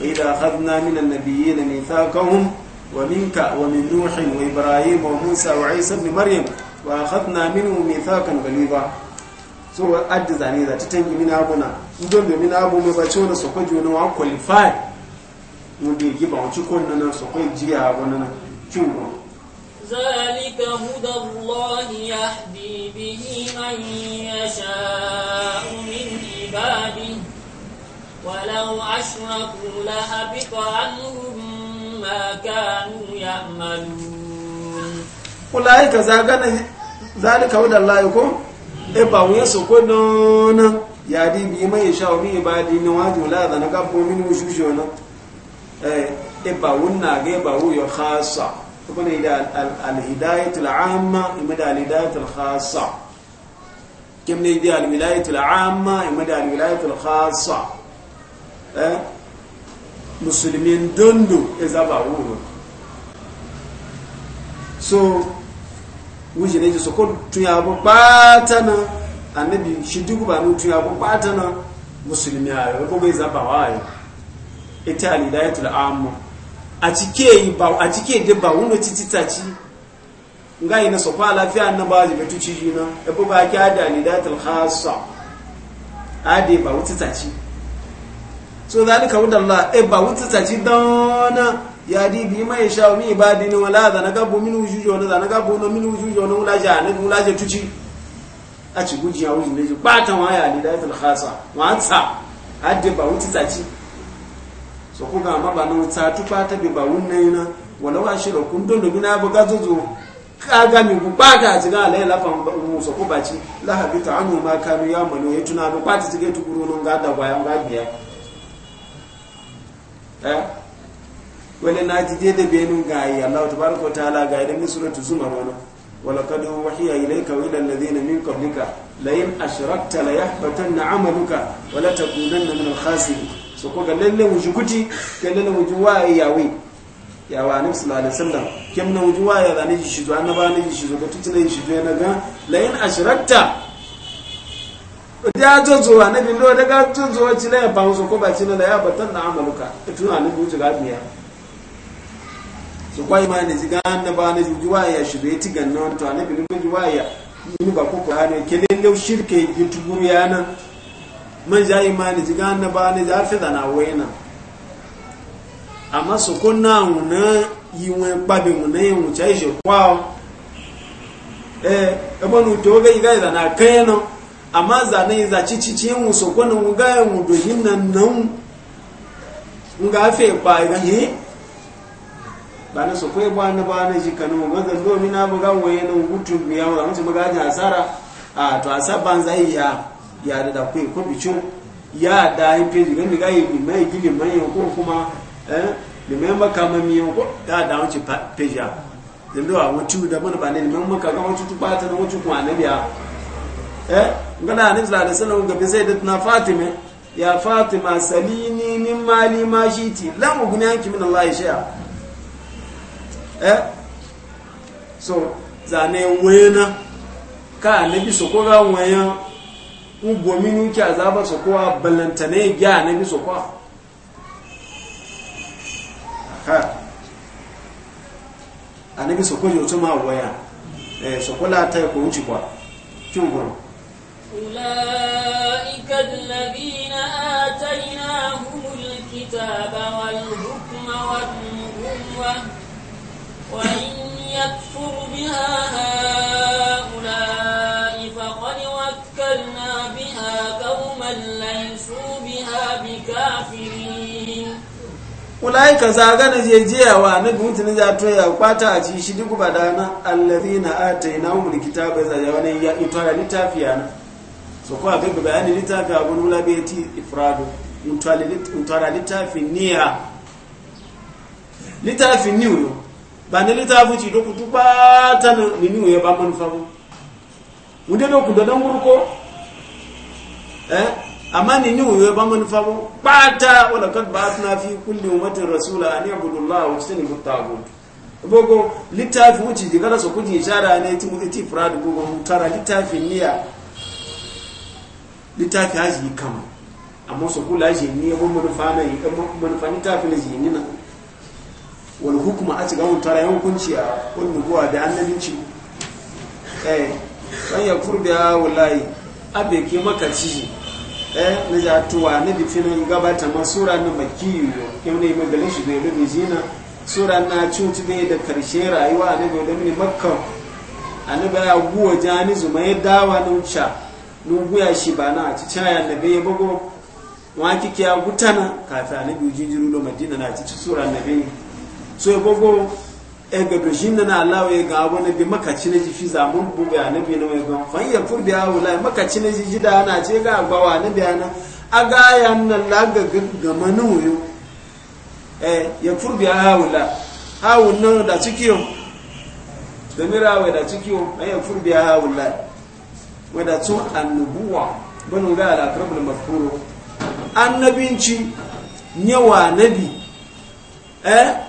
wa idha akhadna min an-nabiyyin mithaqahum wa minka wa min nuhin wa ibrahim wa musa wa isa ibn maryam wa akhadna minhum mithaqan Galiba. so wa adi zane za ta tangi mini abuna don da mini abu mai bace wani sakwai juna wa kwalifai mu da yake bawanci ko nuna sakwai jiya abuna na kyun ba zalika hudallahi ya di bihi man ya sha'u min ibadi walau ashraku la habita anhum ma kanu ya'malun kula ai ka zagana zalika hudallahi ko e wuya so ko nona ya di bi mai sha o ba di ni waju la da na ka bo mi ni shusho na eh e ba wunna ga ba wu yo khassa ko dondo e ba wu so wuje ne so ko tuya bo pata na annabi shi duk ba nu tuya bo pata na musulmi ayo ko bai zaba wayo ita alidayatul amma a cike ba a cike da ba wuno tititaci nga ina so kwa lafiya annabaji betu ciji na e bo ba ki ada alidayatul khassa ade ba wutitaci so zalika wudallah e ba wutitaci dana ya di bi mai sha mi ba ni wala da na gabo min ujujo na da na gabo no min ujujo no la ja ne la ja tuci a ci guji ya wuji ne ji ba ta waya ni da fil khasa wa tsa hadde ba wuti tsaci so ko ga ma ba no tsa tu ba ta bi ba wunne na wala wa shiro kun don domin na buga zozo ka ga mi bu ba ta ji ga lai lafa mu so ko ba ci la habita anu ma kanu ya malo ya tuna ba ta ji ga tukuro no ga da bayan ga biya eh wani na ji da benin ga yi Allah ta baraka ta ala ga idan ta zuma wani wala kad wahiya ilayka wa ila alladhina min qablika la in ashrakta la yahbatanna amaluka wala la takunanna min al-khasirin so ko ga lalle wujuguti ga lalle wujuwa yawi ya wa nabi sallallahu alaihi wasallam kim na wujuwa ya zane shi zuwa na ba ne shi zuwa tutune shi zuwa na ga la in ashrakta ya zo zuwa nabi lo daga zo zuwa ci la ya ba so ko ba ci la ya na amaluka tuna nabi wujuga biya so e, kwa ima ne ziga na ba ne jiwa ya shirye ti ganna to ne bi ne jiwa ya ni ba ko ko ne kele le shirke yutuburu ya na man ja ima ne ziga na ba ne za fi dana wena amma so ko na una yiwe pabe mu ne mu cha ijo kwao eh ebonu to ga iga na kayano amma za ne za cici mu so ko na mu ga mu do hinna nan nga fe ba ga he bana so kwe bwana bwana jikano ngaza ndo mina na wena ngutu wa ngaza ga aja asara a to asabanza zai ya da kwe ko bicho ya da ipe ga mi ga yi mai gili mai ko kuma eh ni memba kama miyo ko da da wanci peja ndo a tu da bana bana ni mu ka ga wutu tubata mu tu kwa nabi a eh na ne zala da sanu ga bi na fatima ya fatima salini min mali ma shiti la mughni min allah shay'a eh so zane wena ka nabi so ko ga wanya un bominu ki azaba so ko balantane ya nabi so ko ha anabi so ko yo ma waya eh so ko la ta ko unchi kwa chungo أولئك الذين آتيناهم الكتاب والحكم والنبوة وإن يكفر بها هؤلاء فقد وكلنا بها قوما ليسوا بها بكافرين za ga na wa na ya kwata a ci shi duk bada na allazi na ata ina umu likita bai zai wani ya ito ya litafiya na so kuma bai bai bayani litafiya ko nula bai ti ifrado mutuwa litafi niya litafi niyu. bani ne littafin ci da kutu ba nini ya ba manufa mu wunde da da dan gurko eh amma nini ya ba manufa mu wala kad fi kulli ummatin rasula an yabudullah wa tsini mutagut bogo littafin wuce diga da ne ti muti bogo mutara niya haji kama kula na Wani hukuma a cikin tara yankunci a wani guwa da annabinci ɗaya eh, ɗan ya furbiya wulayi abe ke makaci ɗaya eh, na jatuwa na bifinin gabata ma sura na makiyu yau ne magalin shi bai rubi jina sura na cuci bai da karshe rayuwa na bai da mini makka annabi ya guwa jani zuma ya dawa na wuce guya shi ba na ci caya yadda bai ya bago wa kike ya gutana kafin annabi jinjiru da madina na ci sura na bai so gogo e ga do shin na Allah ya ga abu ne bi makaci ne ji fi zamun bu ga annabi ne mai gon fan ya fur da wala makaci ne ji jida ana ce ga gbawa ne biya na aga ya nan la ga ga manu yo eh ya fur biya wala hawo nan da cikiyo da mirawe da cikiyo ai ya fur biya wala da tun annubuwa banu ga al-akrabul mafkuro annabinci nyawa nabi eh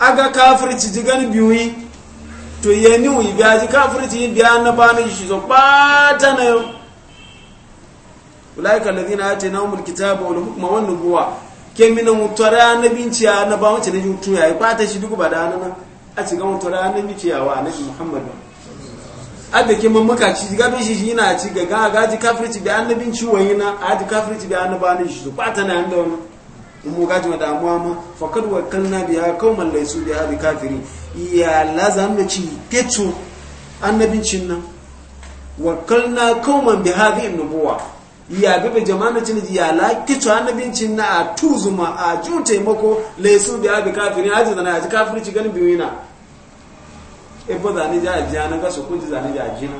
aga kafirci ji gani biyu to ya ni wi biya ji kafirci yi biya na ba na shi so bata na yau ulaika alladhina atainahum alkitaba wal hukma wan nubuwa ke min mutara nabinci ya na ba wace ne jutu ya bata shi duk ba da nan a ci ga mutara nabinci ya wa annabi muhammad adda ke man ci ga bin shi shi na ci ga ga ji kafirci bi annabin ciwon yana a ji kafirci bi annabanin shi so bata na yanda in mu gaji damuwa ma fakad wa na biya kauman laisu biya bi kafiri ya an da ci teto annabincin nan wa kalna kauman bi hadhi nubuwa ya jama'a na cin ya la teto annabincin na a tuzuma a ju taimako laisu biya bi kafiri a ji zana ji kafiri ci ganin biwina e bo zani ja ajana ga su kunji zani ja jina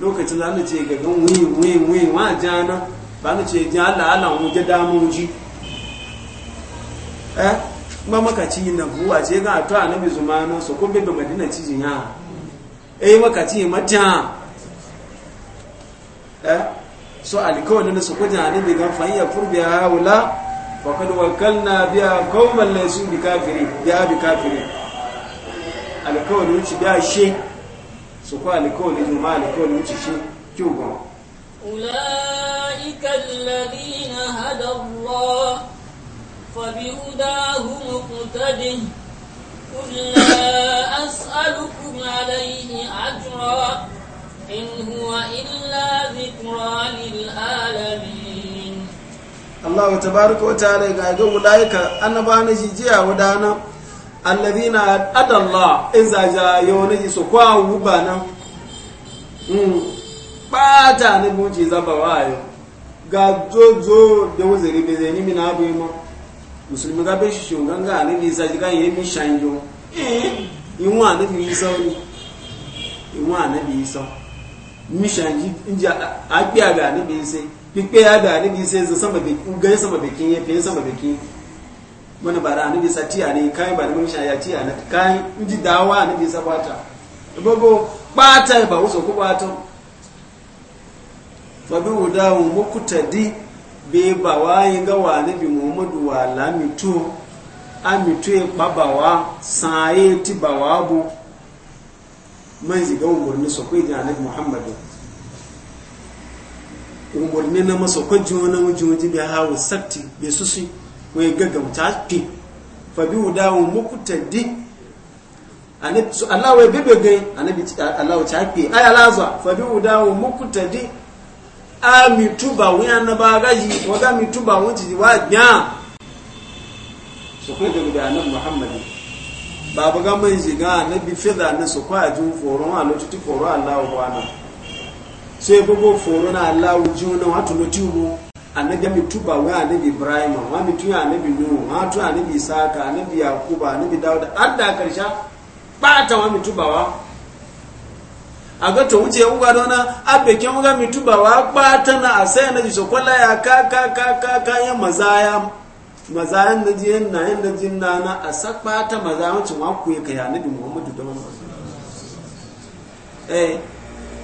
lokacin zane ce ga gan wi wi wi wa jana ba ni ce ja Allah Allah mu je damu ji eh ba makaci na buwa ce ga to annabi zumano so ko be madina ci jinya eh makaci mata eh so alkawalin da su ko jani bi gan fanya furbiya haula faqad wakalna bi qauman laysu bi kafiri biya bi kafiri alkawalin wuce biya shi. su ko alkawalin juma alkawalin wuce shi kyugo ulaika alladhina hada Allah فبهداه مقتده قل لا أسألكم عليه أجرا إن هو إلا ذكرى للعالمين الله تبارك وتعالى قال أولئك أنا بانجي ودانا الذين أدى الله إذا جاء يونجي سكوا وبانا ɓata na bunci zaba wayo ga jojo da wuzari bezeni mina abu yi musulmi ga bai shishin ganga a nabi isa jiga ya mi shanjo eh, inwa nabi isa ne inwa nabi isa mi shanji inji a biya ga nabi isa pipe ya ga nabi isa zai sama bekin gan sama bekin ye fiye sama kin. mana bara a nabi isa tiya ne kai ba da mun shaya tiya na kai inji dawa a nabi isa bata gbogbo bata ba wuso ko bata fabi wudawun mukutadi bí bàwá yínká wà níbi muhammadu wà lámìtú àmìtú ipa bàwá san ayé tí bàwá bu mẹ́jì ga umarni sọ pé ìdíyà níbi muhammadu umarni na masaukai jiwon na wajen jibi hawa sakti bai susi wai gaggauta fi fabi wudawo mukuta di Allah wai bebe gai annabi Allah ta fi ay alaza di a mituba wọn annaba gaji waga mituba wọn ci wa gya su kai da guda annabi muhammadu babu ga man shiga annabi fiza na su kwa ji foron a lotutu foron allahu kwana sai gbogbo foron allahu ji wani wata lotutu annabi mituba wọn annabi ibrahim wọn mitu annabi nuhu wọn tu annabi isaka annabi yakuba annabi dawuda har da karshe ba ta wọn mituba wa aga to wuce uga dona abeke wuga mituba wa kwata na asaya na jiso kwala ya ka ka ka ka ka ya mazaya mazaya na jiyen na yan da jin na na asa kpata mazaya wacce wa ku ya kaya nabi muhammadu da wani eh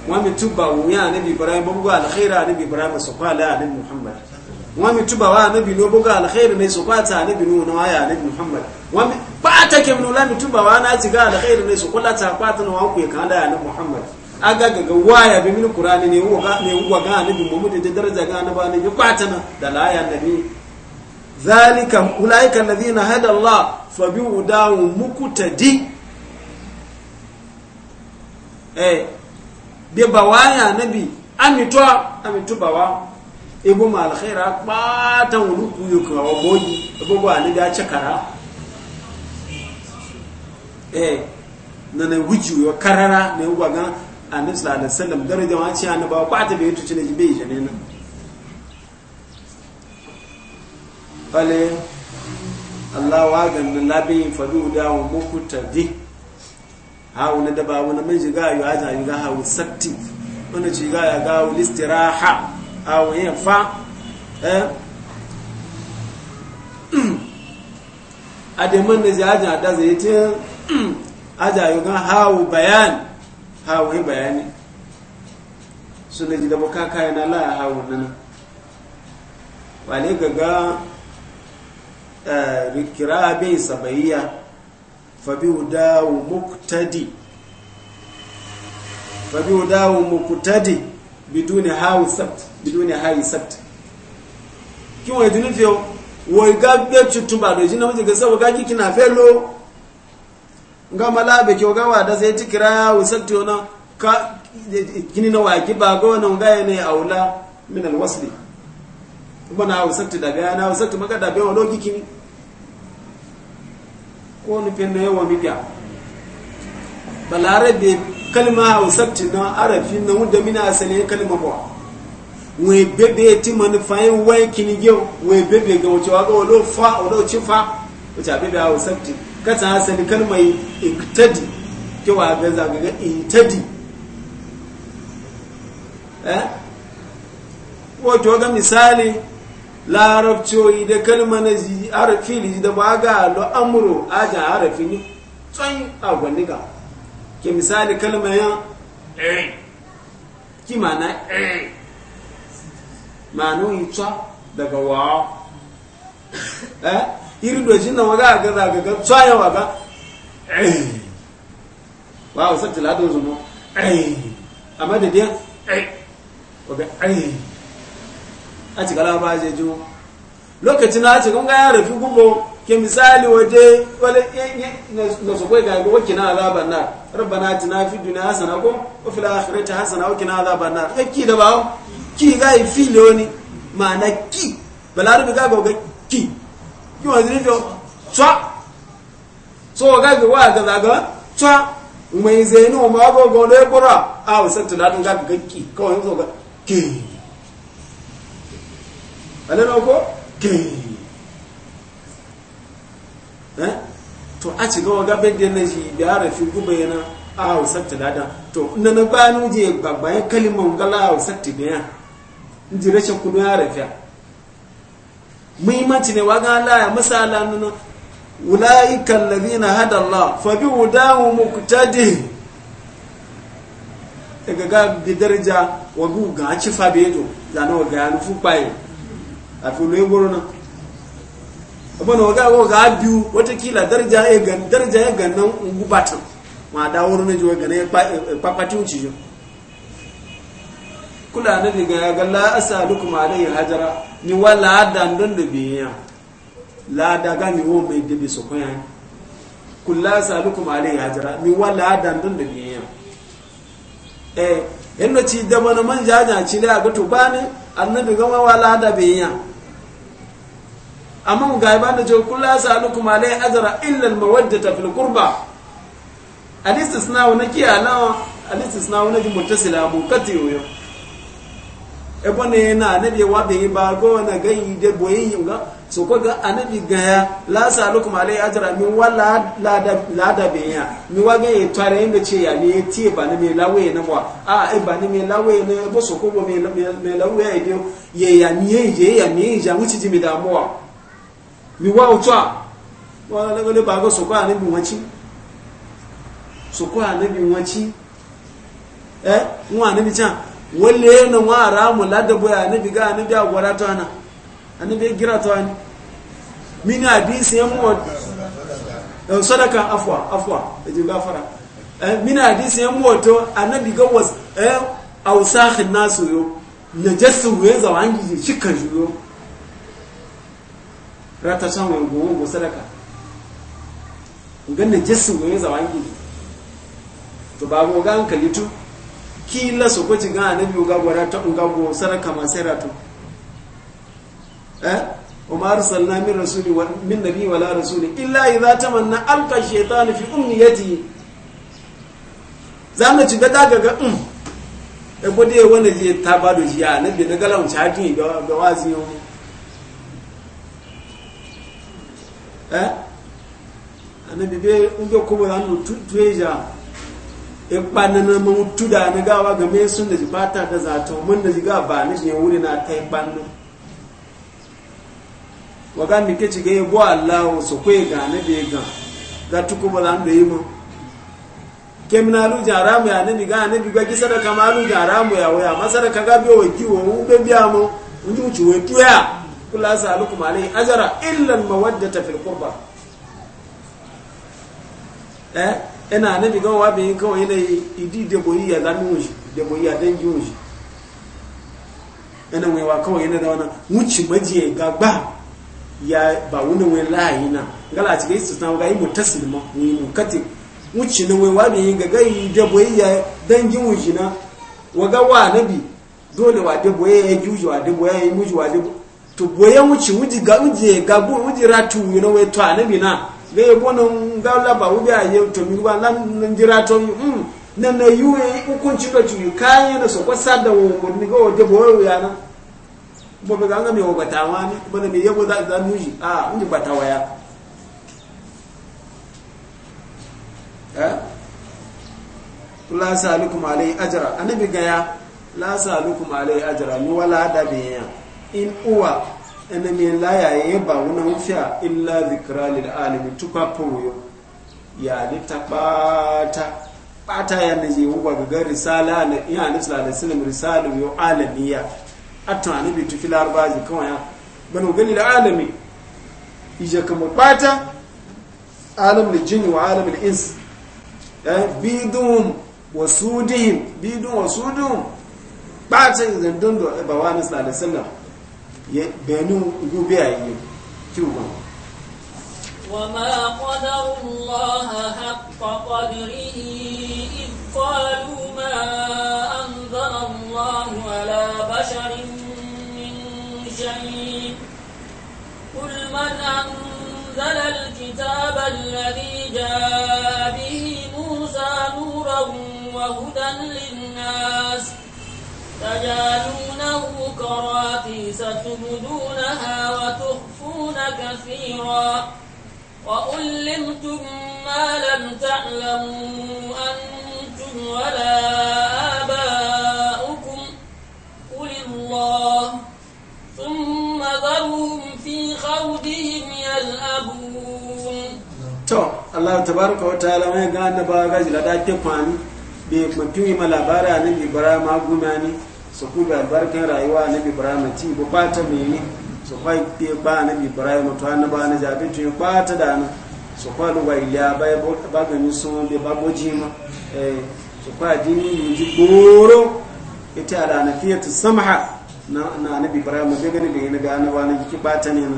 wa mituba wu ya nabi ibrahim bugu alkhaira nabi ibrahim so kwala nabi muhammad wa mituba wa nabi no bugu alkhaira ne so kwata nabi no na ya nabi muhammad wa ba ta ke mun la mituba wa na ga alkhaira ne so kwala ta kwata na wa ku ya kala ya nabi muhammad aga ga waya bi min qur'ani ne wa ne wa ga ne nabi mu da daraja ga annabi ne ya na da laya nabi zalika ulaika alladhina hada allah fa bi udawu mukutadi eh de bawaya nabi amitwa mal ebo ba ta wulu ku yuko wa boyi ebo ba ne da chakara eh nana wuju yo karara ne wa ga annabi sallallahu alaihi wasallam daraja ma ci annaba ba ta bai tuci ne bai jane nan Allah wa labi fadu da mukuta di hawo na daba wani mun shiga yu aja yu ga hawo sakti wani shiga ya ga hawo listiraha hawo yin fa eh ademan ne da zai tin aja yu ga hawo bayan ha wai bayani suna ji da baka kaya na la nana wannan wale gaga rikira eh, bai sabaiya fabi dawo muktadi fabi dawo muktadi biduni hawi sabt biduni hawi sabt kin wai dunfiyo wai ga ga cutuba da jina wajen ga saboda kina felo nga malabe ke ga wada sai tikira kira wasatto na ka kini na waki ba ga wannan ga ne aula min alwasli kuma na wasatto daga na wasatto maka da bayan loki kini ko ni fen yawa mi ga balare be kalma wasatto na arafin na wanda mina asali kalma ko we bebe ti yi wai kini ge we bebe ga wace wa ga walo fa walo ci fa wace bebe a wasatto kata hasali kalmar iktadi kewa ga zagaga intadi eh wato ga misali larabcoyi da kalma na arafili da ba ga lo'amuro ajin harafi ne tsoyin agwaniga ke misali kalma yan eh ki mana eh nuhi ita daga wa eh irin dojin nan waga ga zagaga tsaye waga wa a sati ladon zumo a madadin waga a cika labar je jiwo lokacin na ce kun ga ya rafi gubo ke misali waje wale na su kai gaga wake na azabar na rabbana tina fi duniya hasana ko ofila akhirati hasana wake na azabar na yaki da ba ki ga fili wani ma'ana ki balarabi ga ga ki kí wọ́n ti ní zai ga a wasan tunanin ga gaggi kawai yanzu ga ke ko eh? to a da na shi yana a na na je gbagbayan kalimar gala a wasan tunanin ji rashin kudu ya rafiya muhimmanci ne wa gan Allah ya misala nuna ulaika alladhina hada Allah fa bi hudahu muqtadi daga ga bi daraja wa gu ga ci fa be do zanu ga ya nufu pai a fi lo yoro na abu wa ga go ga biu wata kila daraja e gan daraja e gan nan ungubatan ma da woro ne jo ga ne pa pa ti uci jo kula na diga ya ga la asalukum alayhi hajara ni wala dan don da biya la daga ni wo mai dibi su kun yan kula asalukum alayhi hajara ni wala dan don da biya eh yanda ci da mana man jaja ci da ga to bani annabi gama wala da biya amma ga ba da jo kula kuma alayhi hajara illa al mawaddata fil qurba alistisna wa nakiya lawa alistisna wa najmu tasila mu katiyo yau ebone na anabi wa be ba na ga yi de boye yi ga so ko ga anabi ga ya la salukum alai ajra min wala la da la da be ya mi wa ga tare inda ya ne ti e ba ne me lawe na a e ba ne lawe ne bo so ko bo me me lawe ya e ya ni ye ye ya ni ji mi da mo mi wa o twa wa la ba go so ko anabi so ko anabi wale yana wa ramu ladabu a anabi ga anabi agwara to ana anabi gira to ana mini hadisi yan mu eh, sadaka afwa afwa ji gafara eh, mini hadisi yan mu to anabi ga was eh awsakhin nasu yo najasu ya zawangi shikka juyo rata san wango go sadaka ganna jasu ya zawangi to babu ga hankali tu kila su kwaci gan annabi gagwara ta ungago sana kama sera to eh umar sallallahu alaihi rasuli wa min nabi wa la rasuli illa idha tamanna alqa shaytan fi umniyati zamu ci ga daga ga um e gode wani je ta bado ji ya bi da galan ci hadin ga wazi yo eh annabi be unjo kubo annu tuweja tu, tu, in ɓanana mun da na gawa game sun da bata da zato mun da jiga ba ni je wuri na kai ɓanna waga mi ke cige bo Allah so kwe ga na be ga ga tuku ba lan da yi mu kemna lu mu ya nabi ga bi ga kisa da kamalu mu ya waya masara ka ga biyo waki wo mu be biya mu unju ci we tuya kula salukum alai ajra illa al mawaddata fil qurba eh ina nabi gan wa bin kan ina idi de boyiya da mi wuji de boyiya dan gi wuji ina mai wa kawai yana da wannan wuci majiye gagba ya ba wani wani layi na gala ci ga istisna ga yi mutasil ma ni mu kati wuci na wai wa bin ga gai de boyiya dan gi wuji na waga wa nabi dole wa de boye ya juji wa de boye ya muji wa de to boye wuci wuji ga wuji ga bu wuji ratu you know we to bi na zai bona ga laba ubi a yau tomi ba nan nan jira to mi um mm, na na yuwe hukunci da ci kayan da sokwa sada wo ni ga waje boyo ya na bo ga ngami wo batawa ni bo na me yabo da da nuji a ah, unji batawa ya eh la salukum alai ajra annabi ga ya la salukum alai ajra ni wala da biya in uwa ene mi la ya ye ba wona wufia illa dhikra lil alamin tuka poyo ya ni tapata pata ya ne yi wa ga risala ne ya ni sallallahu alaihi wasallam risala yo alamiya atwa ni bitu fil arbazi kawai banu gani da alami ije kama pata alam lil jini wa alam lil ins eh, bidum wa sudihim bidum wa sudum pata izan dondo ba wani sallallahu alaihi wasallam benu ugu be aye ti o kan wa ma qadara allah haqqo qadrihi id qalu ma anzara allah ala basharin min shay'in qul man anzala al kitaba alladhi jaa bihi musa nuran wa hudan lin nas تجعلونه كراتيس تبدونها وتخفون كثيرا وألمتم ما لم تعلموا أنتم ولا آباؤكم قل الله ثم ذرهم في خوضهم يلأبون to Allah tabaraka wa ta'ala mai ga annaba ga jilada ke kwani bai kwafi ma labari a nabi ibrahim guma ne su ku da albarkan rayuwa a nabi ibrahim ci ba kwata mai su kwa ke ba a nabi ibrahim to an ba na jabi to ya ta da na su kwa luwa iliya ba ya ba ni sun bai ba goji ma eh, su kwa ni mu ji goro ita da na fiye ta samaha na nabi ibrahim bai gani da yana gani ba na jiki ta ne na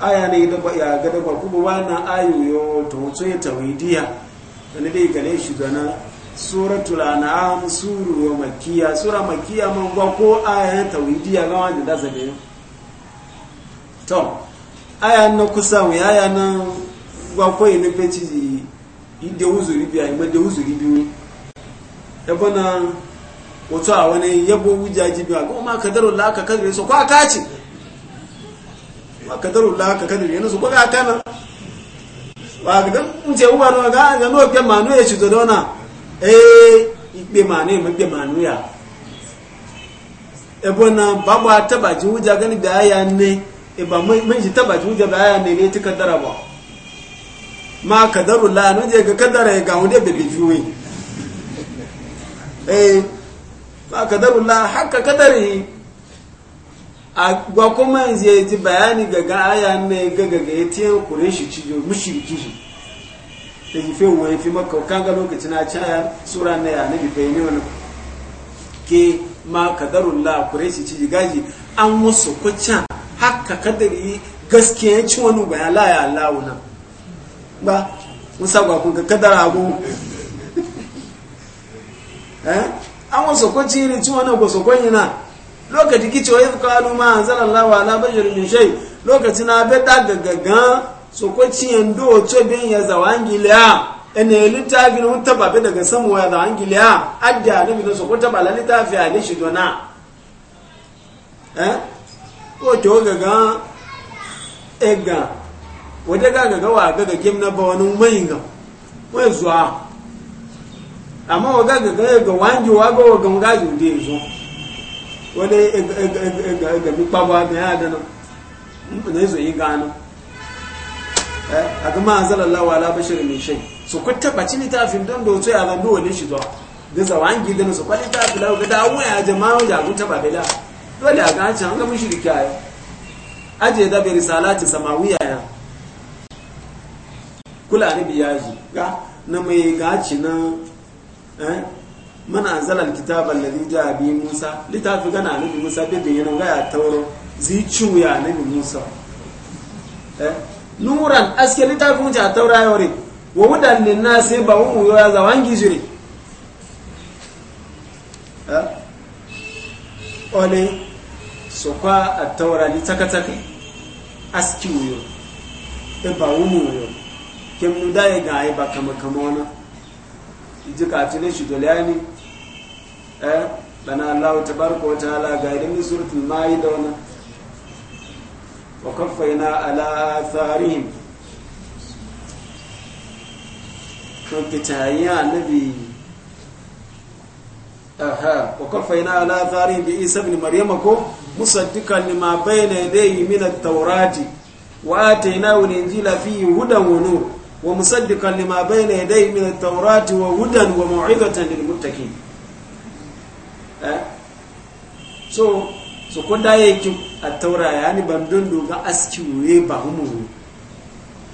aya ne da ya ga da kuma wannan ayoyo to so ya tawidiya wani dai gane shi gana suratul an'am suru wa makkiya sura makkiya man gwa ko ayan tawhidiya ga wanda da zabe to ayan na kusa mu aya na gwa ko ni peci ide uzuri bi ayi de uzuri bi e bona wato a wani yabo wujaji bi ga ma kadarul la ka kadare so kwa aka ci ma kadarul la ka kadare yana so kwa ka kana wa ga dan mun je uwa no ga ga no ke manu ya ci dona eh ikpe manu ya magbe manu ya ebo na babu taba tabaji wuja gani da aya ne iba mun taba tabaji wuja da aya ne ne ta kaddara ba ma kadaru la no je ga kaddara ya ga wanda bebe juwe eh ma kadaru la hakka kadari a gwa kuma je ji bayani ga ga aya ne ga ga ga yatiyan kurin shi cijo mushriki shi da gife ya fi maka kaga lokacin na cayar sura na ya na gife ne wani ke ma kadarun la kureshi ci gaji an musu kwacan haka kadari gaskiya ya ci wani bayan laya ya lawuna ba musa ba kun ga kadara abu eh? an musu kwaci ne ci wani ba kwanyi na lokacin kicewa ya fi kawo ma an zala lawa ala bashirin shai lokacin na bai ta gaggagan so ko ciyen do to za ya zawangiliya ene litafi no taba be daga samu ya za zawangiliya adda ne bi so ko taba la litafi ale shi dona eh ko to gaga ega wata ga gaga wa gaga gem na ba wani mai ga wai zuwa amma wa gaga gaga ga wangi wa ga wa ganga ju de zo wani ega ega ega ega mi pa ba ne ya no ne zo yi Eh, a ga ma'azal Allah wa la bashir min shay so ku tabbaci littafin don do so ya zan do wani shi zo da zawangi da su kwali ta fi lawo da awon ya jama'a ya ku taba bela dole a ga can ga shirki ayo aje da bi risalati samawiya ya kula ne biyaji ga na mai gaci na eh mana zalal kitab alladhi ja bi Musa litafi gana nabi Musa bi bayyana ga ya tawro zi chu ya bi Musa eh nuran aske littafin a taura wuri wa wudan na sai ba wuyo ya za wangi ne? ha ole so kwa a taurari takataka aski wuyo e ba mu wuyo kem nu da ya ga ba kama kama wana ijika tune shi dole yani eh bana Allah tabaraka wa ta'ala ga idan yi maida wannan وكفينا على آثارهم وكتايا النبي أها وكفينا على آثارهم بعيسى بن مريم كو مصدقا لما بين يديه من التوراة وآتيناه الإنجيل فيه هدى ونور ومصدقا لما بين يديه من التوراة وهدى وموعظة للمتقين أه؟ so so kun da yake a taura ya ni ban don doga aski wuye ba humuru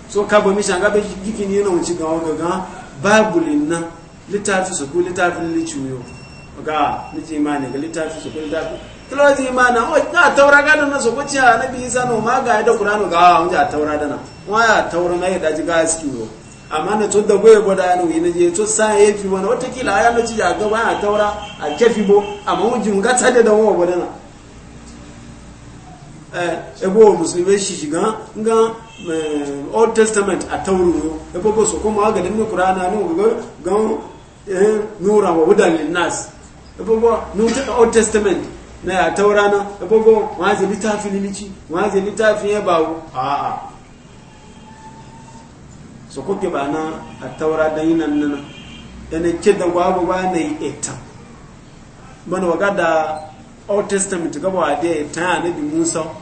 so ka bo mi shanga be gikin ni na wuci ga wanga ga na nan littafi su ko littafin liciyo ga miji imani ga littafi su ko littafin kiloji imani o ta taura ga nan so ko ciya bi isa no ma ga da qur'anu ga mun ja taura dana wa ya taura mai da ji ga aski wuro amma na to da goye goda no yin je to sa fi wani wata kila ya no ci ga ga ba taura a kefi bo amma wujin jin ga tsade da wo bodana ebo eh, musulmi shi shiga nga eh, old testament a tauru ebo ko so kuma ga dinga qur'ana ne ga ga eh, nura wa hudan lin nas ebo ko new old testament na ya taurana ebo ko ma ze litafi ni lici ma ze litafi ya bawo a a so ko ke bana a taura dan nan nan ene ke da gwabo ba ne eta bana waga da old testament gaba da ta ne bi musa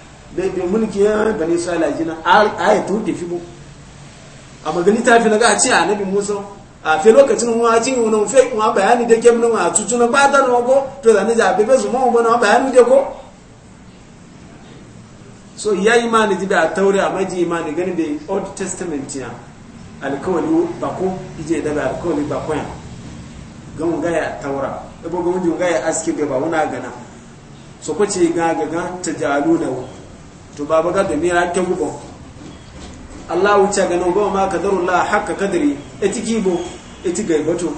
daidai mulki ya bane sala jina ayatu da fibo a magani ta fi na ga ce nabi musa a fi lokacin mu a ci wani fe mu bayani da kemna mu a tutuna ba da no ko to da ni ja bebe su mu bana bayani da ko so ya imani ji a taure a maji imani ganin da old testament ya alkawali ba ko ije da alkawali ba ko ya gan ga ya taura da bugun ga ya aske ba wani gana so ko ce ga ga ta jaluna to ba ga da mira ke gubo Allah wuce ga nogo ma kadarullah hakka kadri etiki bo etiga bato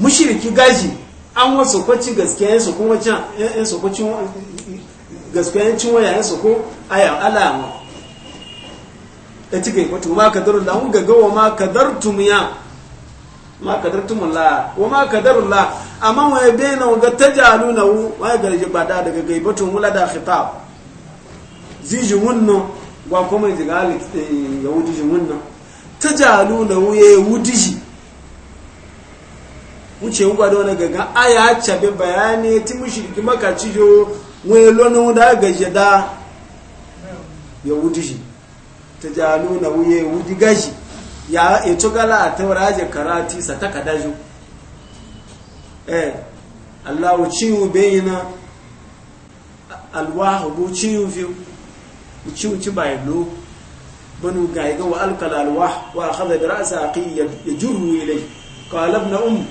mushriki gaji an wasu kwaci gaskiya yansu kuma can yansu kwaci gaskiya yancin waya yansu ko aya Allah ma alama etiga bato ma kadarullah mun gaga wa ma kadartum ya ma kadartum la wa ma kadarullah amma wa bayna wa tajaluna wa ga garje bada daga gaibatun wala da khitab ziji wunno ba kuma ji gali ya wudiji wunno ta jalu na wuye wudiji wuce wuka da wani gaga aya cabe bayani ti mushriki maka cijo wuye lona da gaje da ya wudiji ta jalu na wuye wudi gaji ya eto gala a ta tauraje karati sa takadaju eh Allah wuci bayyana alwahu wuci fiu uci uci bayan lo banu ga ga wa alqal alwah wa akhadha bi ra'si aqiyyah yajru ilay qala ibn um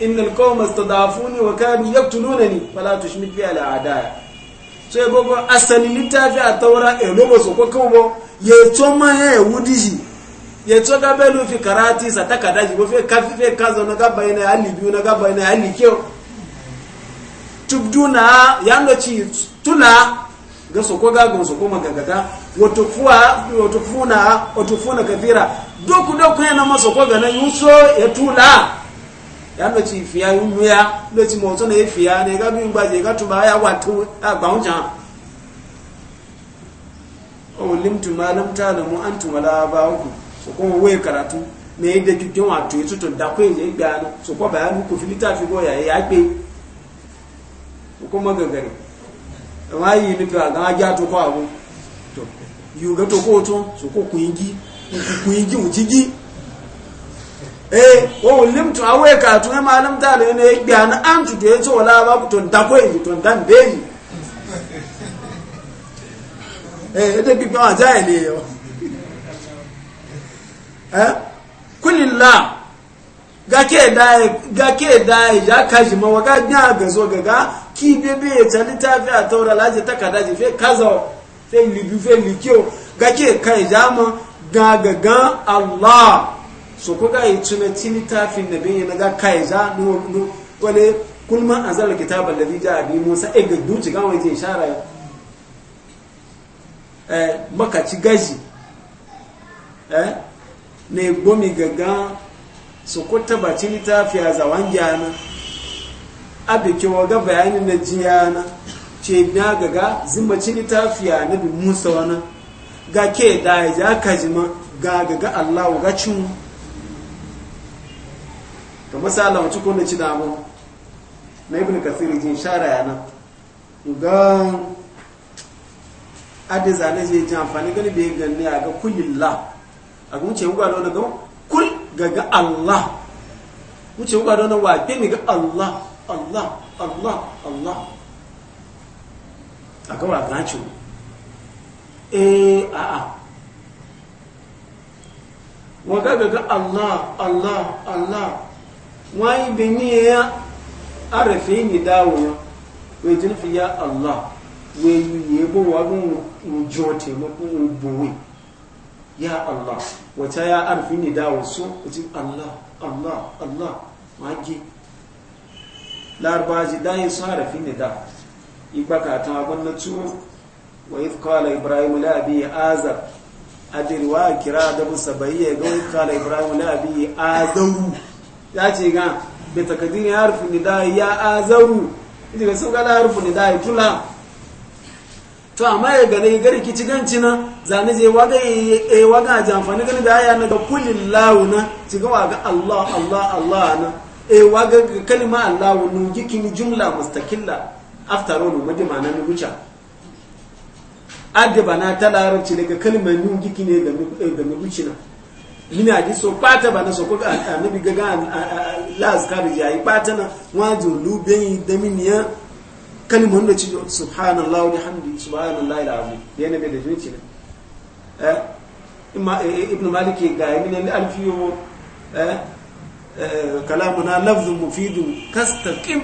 in dafu ne wa kanu yaqtulunani fala tushmit bi al'adaya ya. e gogo asali a atawra e lobo so ko ko ya to ma he wudiji ye to ga belu fi karati sa takadaji bo fi kafi fi kazo na gaba ina ali biu na gaba ina ali kyo tubduna yando ci tula ga soko gagon soko magagata watufuna kathira doku doku yana masoko gana yuso ya tula ya lo ci fiya yunu ya lo ci mọ̀tọ́ na efiya na ga bí gbaje ga tuba ya wato agbaunja o limtu ma lam talamu antum wala ba'uku soko we karatu na ide kikin wato yi tutun da kwe ya gba soko bayanu ko filita fi goya ya gbe soko magagari wa yi ni ga ga kwa wo to yu ga to ko to so ko kun gi kun eh o oh, lim to awe to e malam ta le ne gbe an an tu de to wala ba to nda ko yi to nda eh, be yi eh e de bi ba ja e yo eh kulillah gake da gake ya kashi ma waga nya ga zo gaga ki bebe ya cani ta fi a taura laje ta kada ji fe kaza fe libi fe likiyo ga ke kai e jama gagagan Allah so ko ga yi e tuna tini ta fi na bin yana ga kai za e no wale kulma an zara kitabar da bija abi musa e ga duci ga wani shara ya eh ci gaji eh ne gomi gaga so ko ta ba tini ta fi a zawan jana abike waga bayanin na na ce na gaga zimbacin litafiya na bi musa wani ga ke da ya ja ma ga gaga allah waga cin ka masala wacce kone ci damu na ibn kasiri jin shara yana ga adi zane zai ji amfani gani bai ganni a ga kulillah a ga wuce wuga da ga kul gaga allah wuce wuga da wani wa ga allah Allah Allah Allah a gawa gaci eh a a waga gaga Allah Allah Allah wani bini ya arafe ni dawo wai jinfi ya Allah wai yebo wani jote mafi buwe ya Allah wata ya arafe ni dawo so Allah Allah Allah magi larbazi dan yi sun ne da ibakatan abin na tuwo wa if kala ibrahim la azar azab adirwa kira da bu sabayi ga if kala ibrahim labi abi azawu ya ce ga takadin ya harfi ne da ya azaru ita ga sun gala harfi ne da ya tula to amma ya gane gari kici ganci na zane je waga ya waga jamfani gani da aya na ga kulin na ci ga waga allah allah allah na e waga kalima Allah wa nugi jumla mustakilla after all mu dima nan ruca adaba na ta larabci daga kalimar yin kin da e da e ruci na ina ji so pata ba na so ko annabi ga ga last card yayi pata na wajin luben da miniya kalimar da ci subhanallahi wa bihamdi subhanallahi alazim yana da ruci na eh e, ibn maliki ga yana alfiyo eh كلامنا لفظ مفيد كاستقم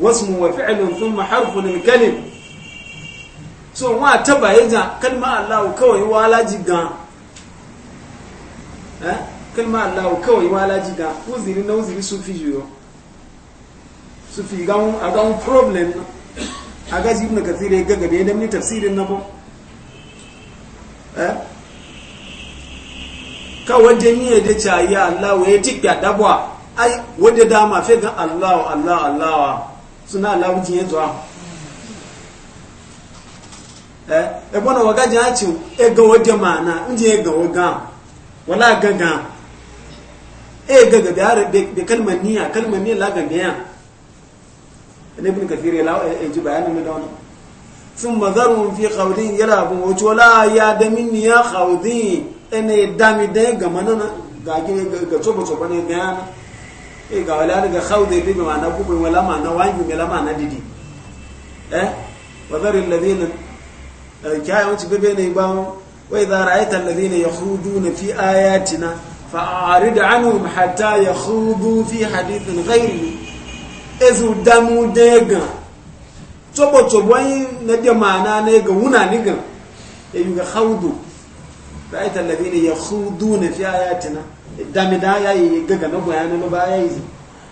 واسم وفعل ثم حرف الكلم so wa taba yaja kalma Allah kawai wala jiga eh kalma Allah kawai wala jiga uziri na uziri su fi yo su fi ga mu aga mu problem aga ji ibn kathir ya gaga da yadda tafsirin na ba eh? ka waje ni da cayi Allah ya tikya dabwa ai wanda da ma fe ga Allah Allah Allah suna Allah wuce yanzu a eh e bona waga ja ci e ga waje ma na, e ga waga wala gaga e gaga da har be kalmar niyya kalmar niyya la gaga ya ibn kathir ya la e, e ji bayanin da wannan ثم ذرهم في خوضهم يلعبون ya يا دمني يا khawdin ene dami da ga manana ga gi ga tsoba tsoba ne ga e ga wala ga khawde bi ma na bi wala ma na wangi mela lama na didi eh wa dhari alladhina eh, kaya wanci bebe ne ba wa idha ra'aita alladhina na fi ayatina fa'arid anhum hatta yakhruju fi hadithin ghayri ezu damu dega tsobo tsobo na de ma na ne ga wuna ni ga e ga khawdu ra'aita alladhina yakhuduna fi ayatina dami da yayi gaga na bayana na ba yayi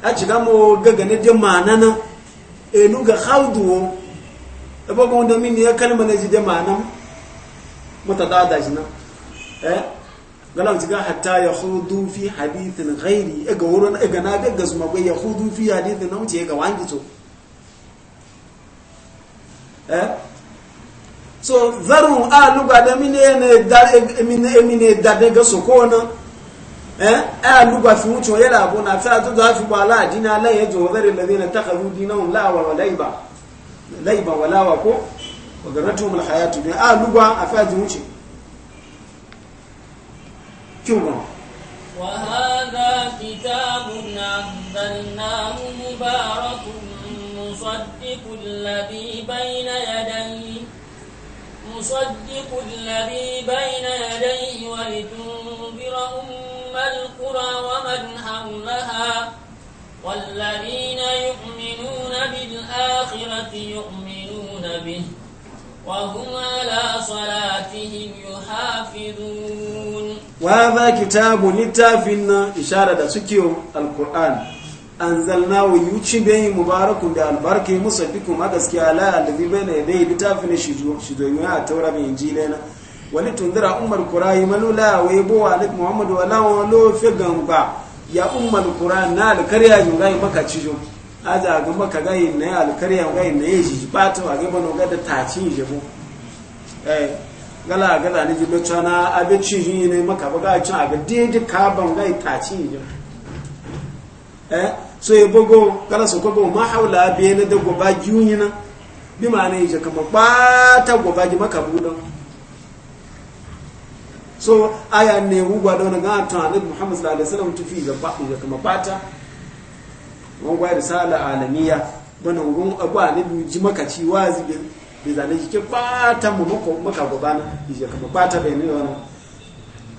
a ciga mo gaga na de manana enu ga khawdu e ba mo da min ya kalma na ji de manam mutadada jina eh galam ciga hatta yakhudu fi hadithin ghairi e ga wurin e ga na ga gazuma ga so zaru a luga da mine ne da emine emine da daga so na eh a luga fi wuce ya labo na fa to da fi ba la dina la ya jo zare ladina takhadhu dinahum la wa laiba laiba wala wa ko wa garatu mul hayatu bi a luga a fa ji wuce kyuma wa hadha kitabun anzalnahu mubarakun musaddiqul ladhi bayna yadayhi يصدق الذي بين يديه ولتنذر أم القرى ومن حولها والذين يؤمنون بالآخرة يؤمنون به وهم على صلاتهم يحافظون وهذا كتاب لتافنا إشارة سكيو القرآن anzalna wa yuci bayin mubarakun da albarka musa musa bikin gaskiya la alazi bai na yadda littafi ne zoyi a taura mai injila na wani tundura umar kura yi manula wa yi bowa alif muhammadu wa lawan lofe gamba ya umar kura na alkarya yi rayu maka cijo aja ga maka gayi na ya alkarya gayi na ya shi bata wa gaba na gada ta ci yi jabo gala gala ne jibbe cana abin cijin yi ne maka ba ga cin abin daidai kaban ta ci yi jabo eh so ya bogo kala so ko ma haula be na da goba juni na bi ma ne je kama ba ta goba ji maka budon so aya ne wugwa da wani gata na muhammad sallallahu alaihi wasallam tufi da ba da kama bata wani gwai risala alamiya bana wurin abu ne nabi ji maka ci wazi bi zane jike ta mu maka goba na je kama bata bai ne wani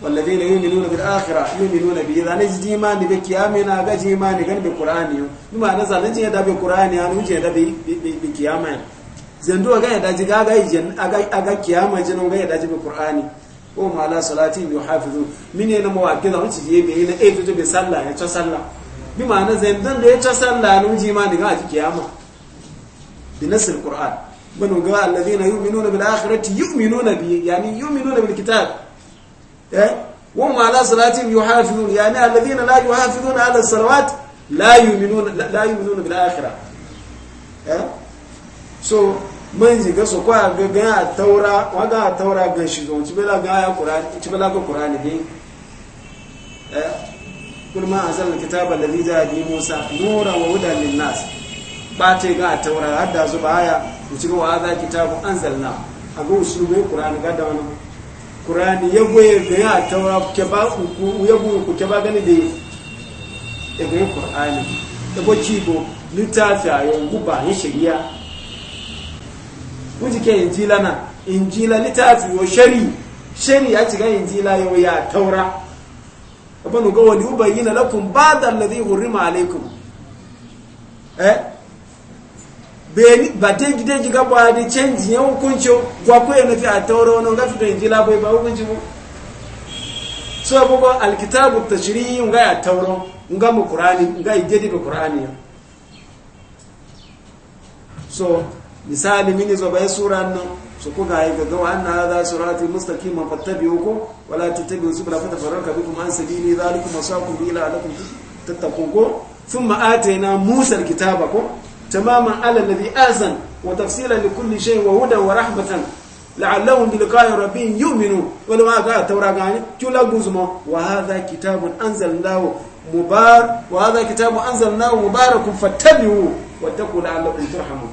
والذين يؤمنون بالآخرة يؤمنون به إذا نجد إيمان بكيامنا أجد إيمان قال بقرآن بما نزل نجد هذا بقرآن يعني وجد هذا بكياما زندو أجا يداج أجا يجن أجا أجا كياما جنو أجا يداج بقرآن وهم على صلاتهم يحافظون من ينام وأكيد أنت جيبي هنا أي تجيب سلا يتصلى بما نزل زندو يتصلى نجد إيمان قال أجد كياما بنص القرآن من قال الذين يؤمنون بالآخرة يؤمنون به يعني يؤمنون بالكتاب وهم على صلاتهم يحافظون يعني الذين لا يحافظون على الصلوات لا يؤمنون لا يؤمنون بالآخرة so man ji gaso kwa ga a taura wa ga a taura ga shi zo ci ga ya qur'ani ci ga qur'ani ne eh kul ma musa nura wa hudan nas ba ce ga a taura zuba aya ci ba a ga usulubai qur'ani ga da kurani ya goye ga ya taura ke ya gani da ya goye kurani ya go cibo littafi a ya ke injila na injila yo shari shari ya ci injila yau ya taura abin ga wani ubayi na lakum ba da lalzai alaikum eh ba ta gida ji gaba da canji ya hukunci kwa kuwa fi a taura wani ga fito inji labai ba hukunci so ya bugu alkitabu ta shiri nga ya taura nga mu kurani nga igedi ga kurani ya so misali mini zo bai sura nan su ku ga ga ga wannan hada surati mustaqima fattabi'uku wala tattabi'u subula fatafarraka bikum an sabili zalikum wasaqukum bi ila alakum tattaqu ko thumma atayna musa alkitaba ko تماما على الذي آذن وتفصيلا لكل شيء وهدى ورحمة لعلهم بلقاء ربهم يؤمنون ولو هذا التوراة يعني كلا جزما وهذا كتاب أنزل الله مبارك وهذا كتاب أنزل الله مبارك فاتبعوه واتقوا لعلكم ترحمون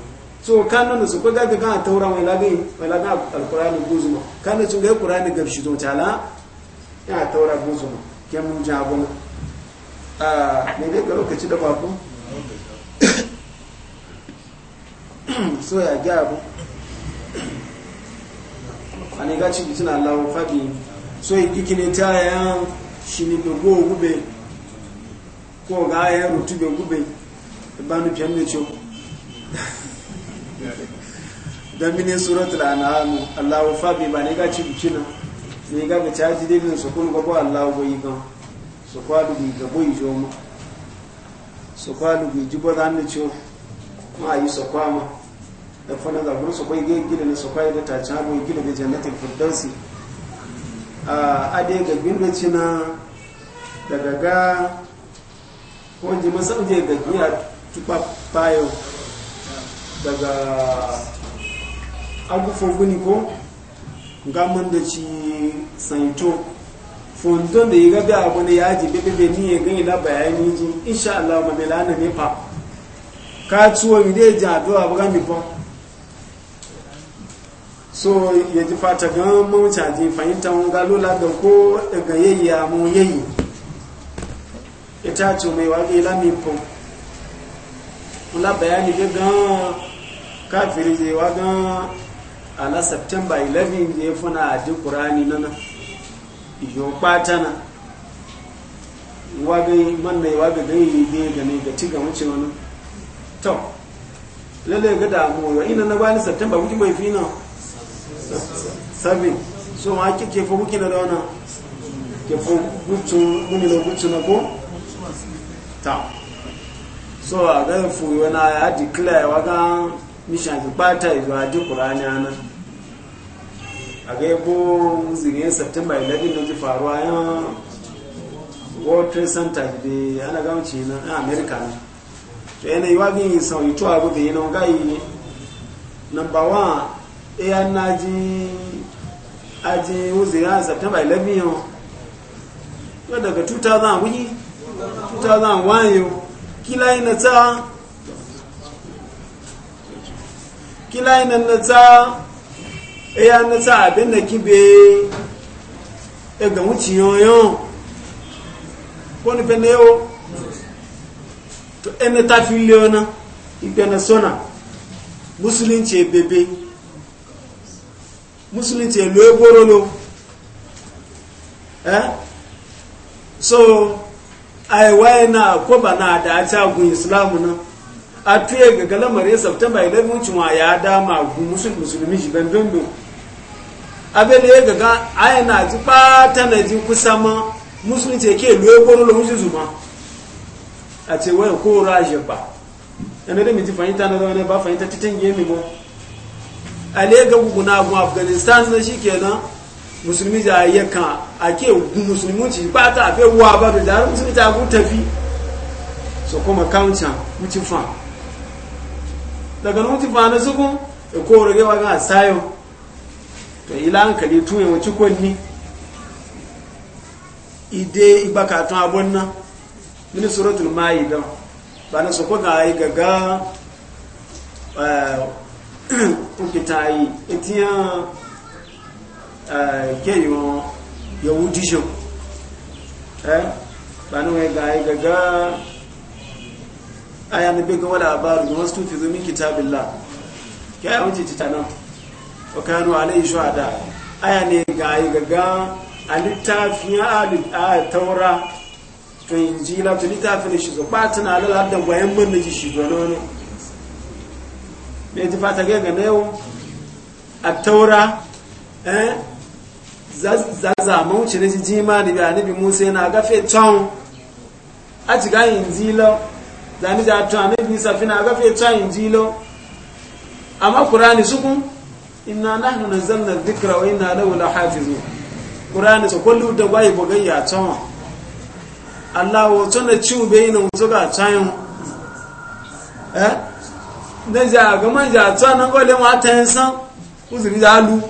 so kana da su kuka ga kan taura mai lagayi mai laga alqur'ani guzuma kana sun ga alqur'ani gabshi to tala ya taura guzuma kemun jabon ah ne ne ga lokaci da babu so ya gya abu a ne gaci bitin allahu fadi so yi kikini ta yayan shi ne dogo gube ko ga yayan da gube ibanu fiyan da ce don mini suratul an'am allahu faɗi ba ne gaci bitin ne ga ga caji dinin su kun gaba allahu bai gan su kwadu bai gabo yi joma su kwadu bai jibo da hannu ciwo ma yi sokwama da fana zagun sokwai ga gida na sokwai da ta cabo gida da jannatin firdausi a adai ga bindoci na daga ga kowanne masauje je ga giya tuba bayo daga agufon guni ko gaman da ci sanito fondon da yi gabi abu ne yaji bebe ni ya gani na bayani ji insha Allah ma na ne fa ka tuwo mi dai ji addu'a buga mi fa so ya ji fata ga mun caji fahimta mun ga lola da ko daga yayya mu yayi ita ce mai wage la mi fa mula bayani ga ga kafiri je wa ga ala september 11 je funa adi qur'ani nana iyo na. wa ga man mai wa ga ga yi ga ne ga ci ga wuce wannan to lalle ga damuwa ina na bani september kuke bai fi nan sabin so ma kike fa kuke da wannan ke fa gutu muni na gutu na ko ta so a ga fu yana ya declare wa ga mission ki bata izo a di qur'ani ana a ga yabo zingin september 11 ne ji faruwa yan world trade center da ana gamci na america ne to yana yi wagin yi sau ito abu da yana ga yi number one iya e na ji aji uzira september 11 yau yau daga 2000 2001 yau kila yi na ta kila yi na ta iya e na ta abin da kibe e ga wuciyoyon ko ni na yau to ene ta fi leona ibena sona musulunci e bebe musulunci elu egborolo eh so aiwaye na ko ba na da a gun islamu na a tuye ga galamar ya september 11 cewa ya dama musulmi musulmi shi ban dondo abele ya gaga aya na ji ɓata na ji kusa ma musulunci e ke lu egborolo musulmi zuma a ce wai ko raje ba yana da fahimta na zaune ba fahimta titin gemi ba a lega guguna gun afghanistan na shi kenan musulmi da ya kan ake musulmi ci ba ta afe wa ba da jarar musulmi ta gun tafi so kuma kaunca mutu fa daga mutu fa na zugun da e ko rage wa ga sayo to ila hankali tuwe wuci kwanni ide ibakatun abon nan mini suratul ma'ida ba na soko ga yi gaga eh, ukita yi itiya etiyan eh, keyon yahudisho eh, ba na wai ga yi gaga aya na bega wala abaru da wasu tufi zomin la. ke aya wuce ci tanan wa kanu alayhi shuhada aya ne ga yi gaga a littafin a taura to littafin shi zo tana alal bayan mun ji shi gano ne me ji ga a taura eh zaza mawuce na jiji ma da nabi musa yana gafe can a ciga injila zani ja to gafe can amma inna nahnu nazzalna dhikra wa inna lahu lahafizun qur'ani so kullu da bai bugayya can Allah wato na ciwo bai na wato ga cayin eh na ja ga man ja na nan gole ma san uzuri da alu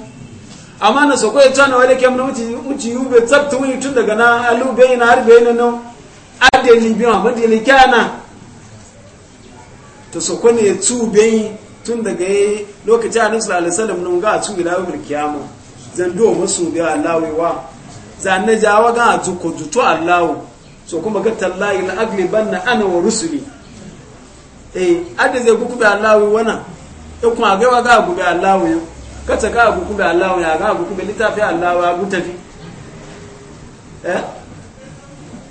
amma na so koyi tana wale kem na muti muti ube tsabta wani tun daga na alu be na har bai na nan ade ni biyan amma dele kana to so kone ya tu tun daga lokacin annabi sallallahu alaihi wasallam ga tu ila yawmul zan do masu biya Allah wa ga tu ko tu Allah so kuma ga tallahi la aglibanna ana wa rusuli eh ade zai ku kuba Allahu wana e kuma ga wa ga ku ga Allahu yo kata ga ku kuba Allahu ya ga ku kuba litafi Allahu ya ku tafi eh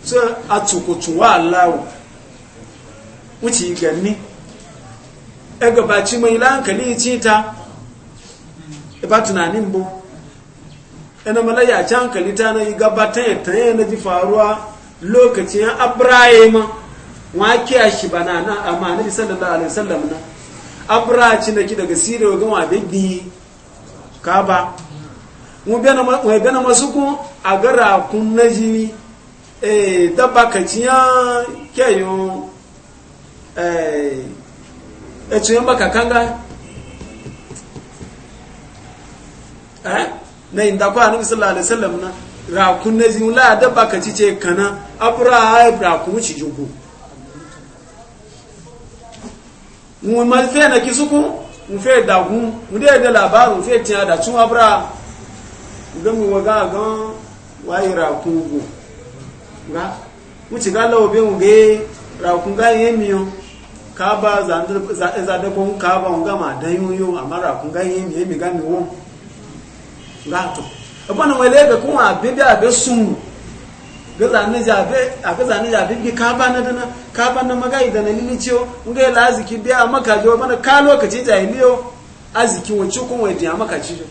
so atukutu wa Allahu wuci ganni e eh, gabaci mai lankali ci ta e ba tunanin bu ina malaya can kalita na yi gabatan ya tanye na ji faruwa lokacin abrahima wa kiya shi bana na amma annabi sallallahu alaihi wasallam na abra ci da ki daga sirri ga wa bibbi kaba mu bena mu bena masuku gara kun najimi eh dabba ka ciya keyo eh e ciyan baka kanga eh nayin da ko annabi sallallahu alaihi wasallam na rakun na zin la da baka ci ce kana abura ha rakun ci jugu mu ma fe na kisuku mu fe da gun mu dai da labarin fe tiya da tun abura ga mu waga ga wayi rakun go ga mu ci ga lawo be mu ge rakun ga yin miyo ka ba za za da kon ka ba mu ga ma dan yoyo amma rakun ga yin miyo mi ga mi wo ga to ebona wale ga kuma abin da abin sun gaza ne jabe abe gaza ne jabe ki ka ba na dana ka ba na magai da nalili ciyo nga la aziki biya maka jo bana ka lokaci jahiliyo aziki wace kuma wadi maka ci jo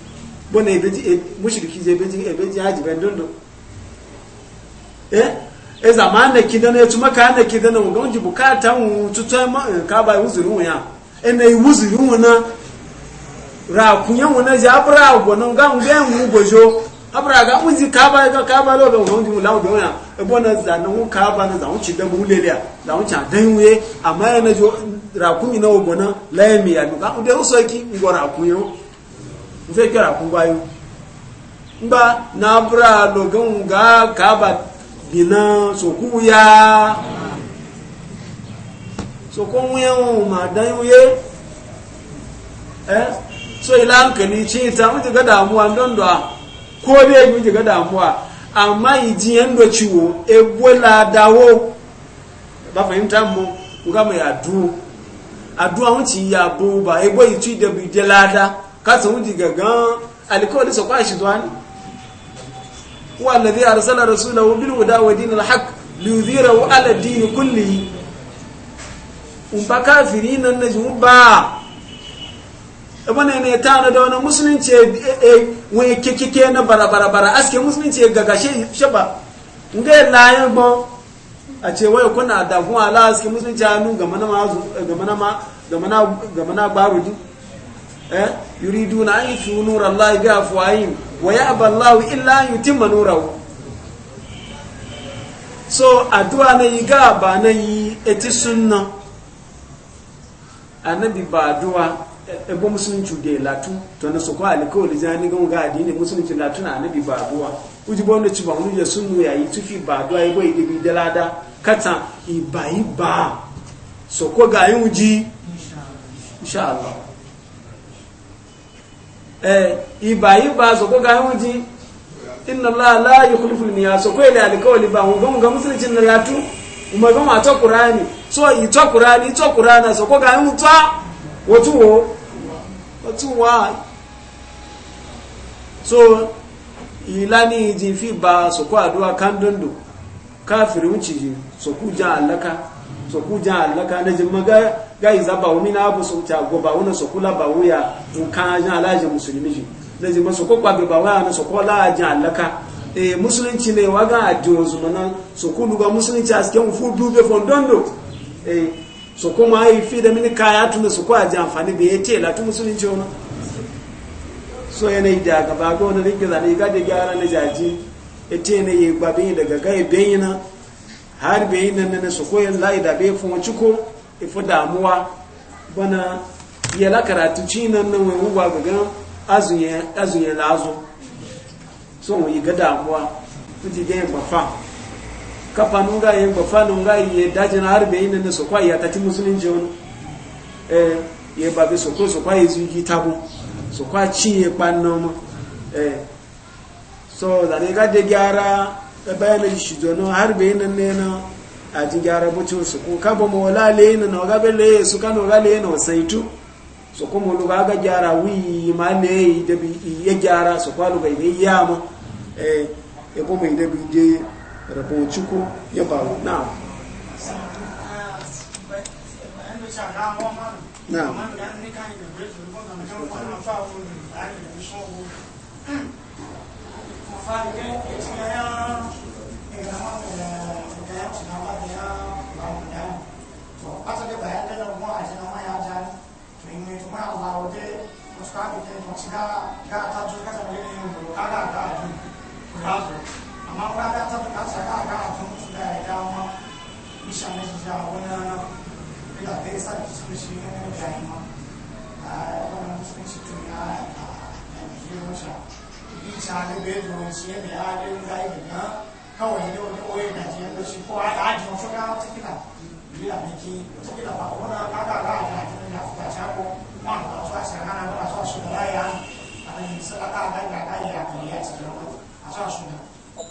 bona ebeji mushriki je ebeji ebeji haji ben dondo eh e zamana kidana ya tuma ka na kidana ngonji bukata tutu tutwa ka ba uzuru ya ene uzuru na rakunye muna ji abra gbonon ga nge mu gojo abra ga muzi ka ba ga ka ba lo be won ju lawo dona e bona za na ka ba na za mu ci da mu lele za mu ci dan we amma na jo rakunye na gbonon laimi ya ga mu de so ki ngo rakunye mu fe kira kun bayo ngba na abra lo ga ka ba bina so ku ya so ko mu ya ma dan we eh so ila hankali ce ta mutu ga damuwa don da ko bai mutu ga damuwa amma ji yadda ciwo ebola dawo ba fahimta mu nga mai adu adu an ci ya bo ba ebo itu da bi de lada ka so mutu ga gan alkawali so kwashi zuwa ni wa alladhi arsala rasulahu bil huda wa dinil haqq liyudhirahu ala din kulli um ba kafirin nan najmu ba bane ne ta na da wani musulunci wani kikike na bara-bara-bara aske musulunci gaga shaba nga yi layan ba a ce waya kuna kun ala aske musulunci hannu ga mana gbarudu eh yuridu na an yi su nura Allah ga afuwayin wa ya aballahu illa an yi timma nura so addu'a na yi ga ba na yi eti sunna annabi ba addu'a ebo musulunci da latu to na su kwa alikawali jani gan ga adini musulunci latu na anabi babuwa uji bondo ci ba wani sunu ya yi tufi baduwa ya bai da bidalada kata iba iba so ko ga yi uji insha Allah eh iba iba so ko ga yi uji inna Allah la yukhlifu al-miyas so ko ile alikawali ba mun ga musulunci na latu umma ga ma ta qur'ani so yi ta qur'ani ta qur'ana so ko ga yi uta wọ́n tún wọ́ wọ́n tún wá so ìlànà ìjì fi ba sọ̀kọ́ àdúwà kandondo káfìrí ń cìjì sọ̀kú já àlaka sọ̀kú já àlaka na jin maga gáyì zaba omi na abu sọ ta gọba wọnà sọ̀kú lába wúya nǹkan ajá alájẹ musulmi jì na jẹ masọ̀kọ́ pàgbẹ̀ ba wáyà na sọ̀kọ́ láàjá àlaka e musulunci ne waga àjò zùmọ̀ na sọ̀kú lùgbà musulunci a sikẹ́ fún dúbẹ̀ fọ́ndondo e so kuma yi fi da mini kaya tun da su kuwa ji amfani da ya ce latu musulunci wani so yanayi da gaba ga wani rikki zane ga da gyara na jaji ya ce na yi babin daga gai bayi na har bayi na nana su koyi layi da bai fi wacce ko ifi damuwa bana ya la karatu ci nan nan wani wuwa ga gan azunye lazo so yi ga damuwa kuji dai bafa kafa nunga ye bafa nunga ye daji na harbe ina ne sokwa ya tati musulunci wani eh ye babe sokwa sokwa ye tabu, tabo kwa ci ye kpanna ma eh so da ne ga de gyara da e bayan shi dono harbe ina ne na a ji gyara bucin su ko ka ba mawala le ina na ga bele su ka no ga le ina saitu so kuma mo luga ga gyara wi ma ne da bi ye gyara so kwa luga e, e ye yama eh e ko mai da bi je rabon não ya não na não não amma ba ka ta bukata ka ga a tun su da ya dama isha na shi ja wani rana da ya sa ki su shi ne na jahima a wannan sun shi tun ya a jikin wasa isha ne bai zuwa shi ne ya ɗin zai kawai ne wani oyi na jiyan shi ko a da ajiyar su ga wata kila bila biki wata ba wani aka ga a jikin ya fi ta shako ma ba su a shagana ba su a shugaba ya a yin su aka ga ga ya kariya wani a su a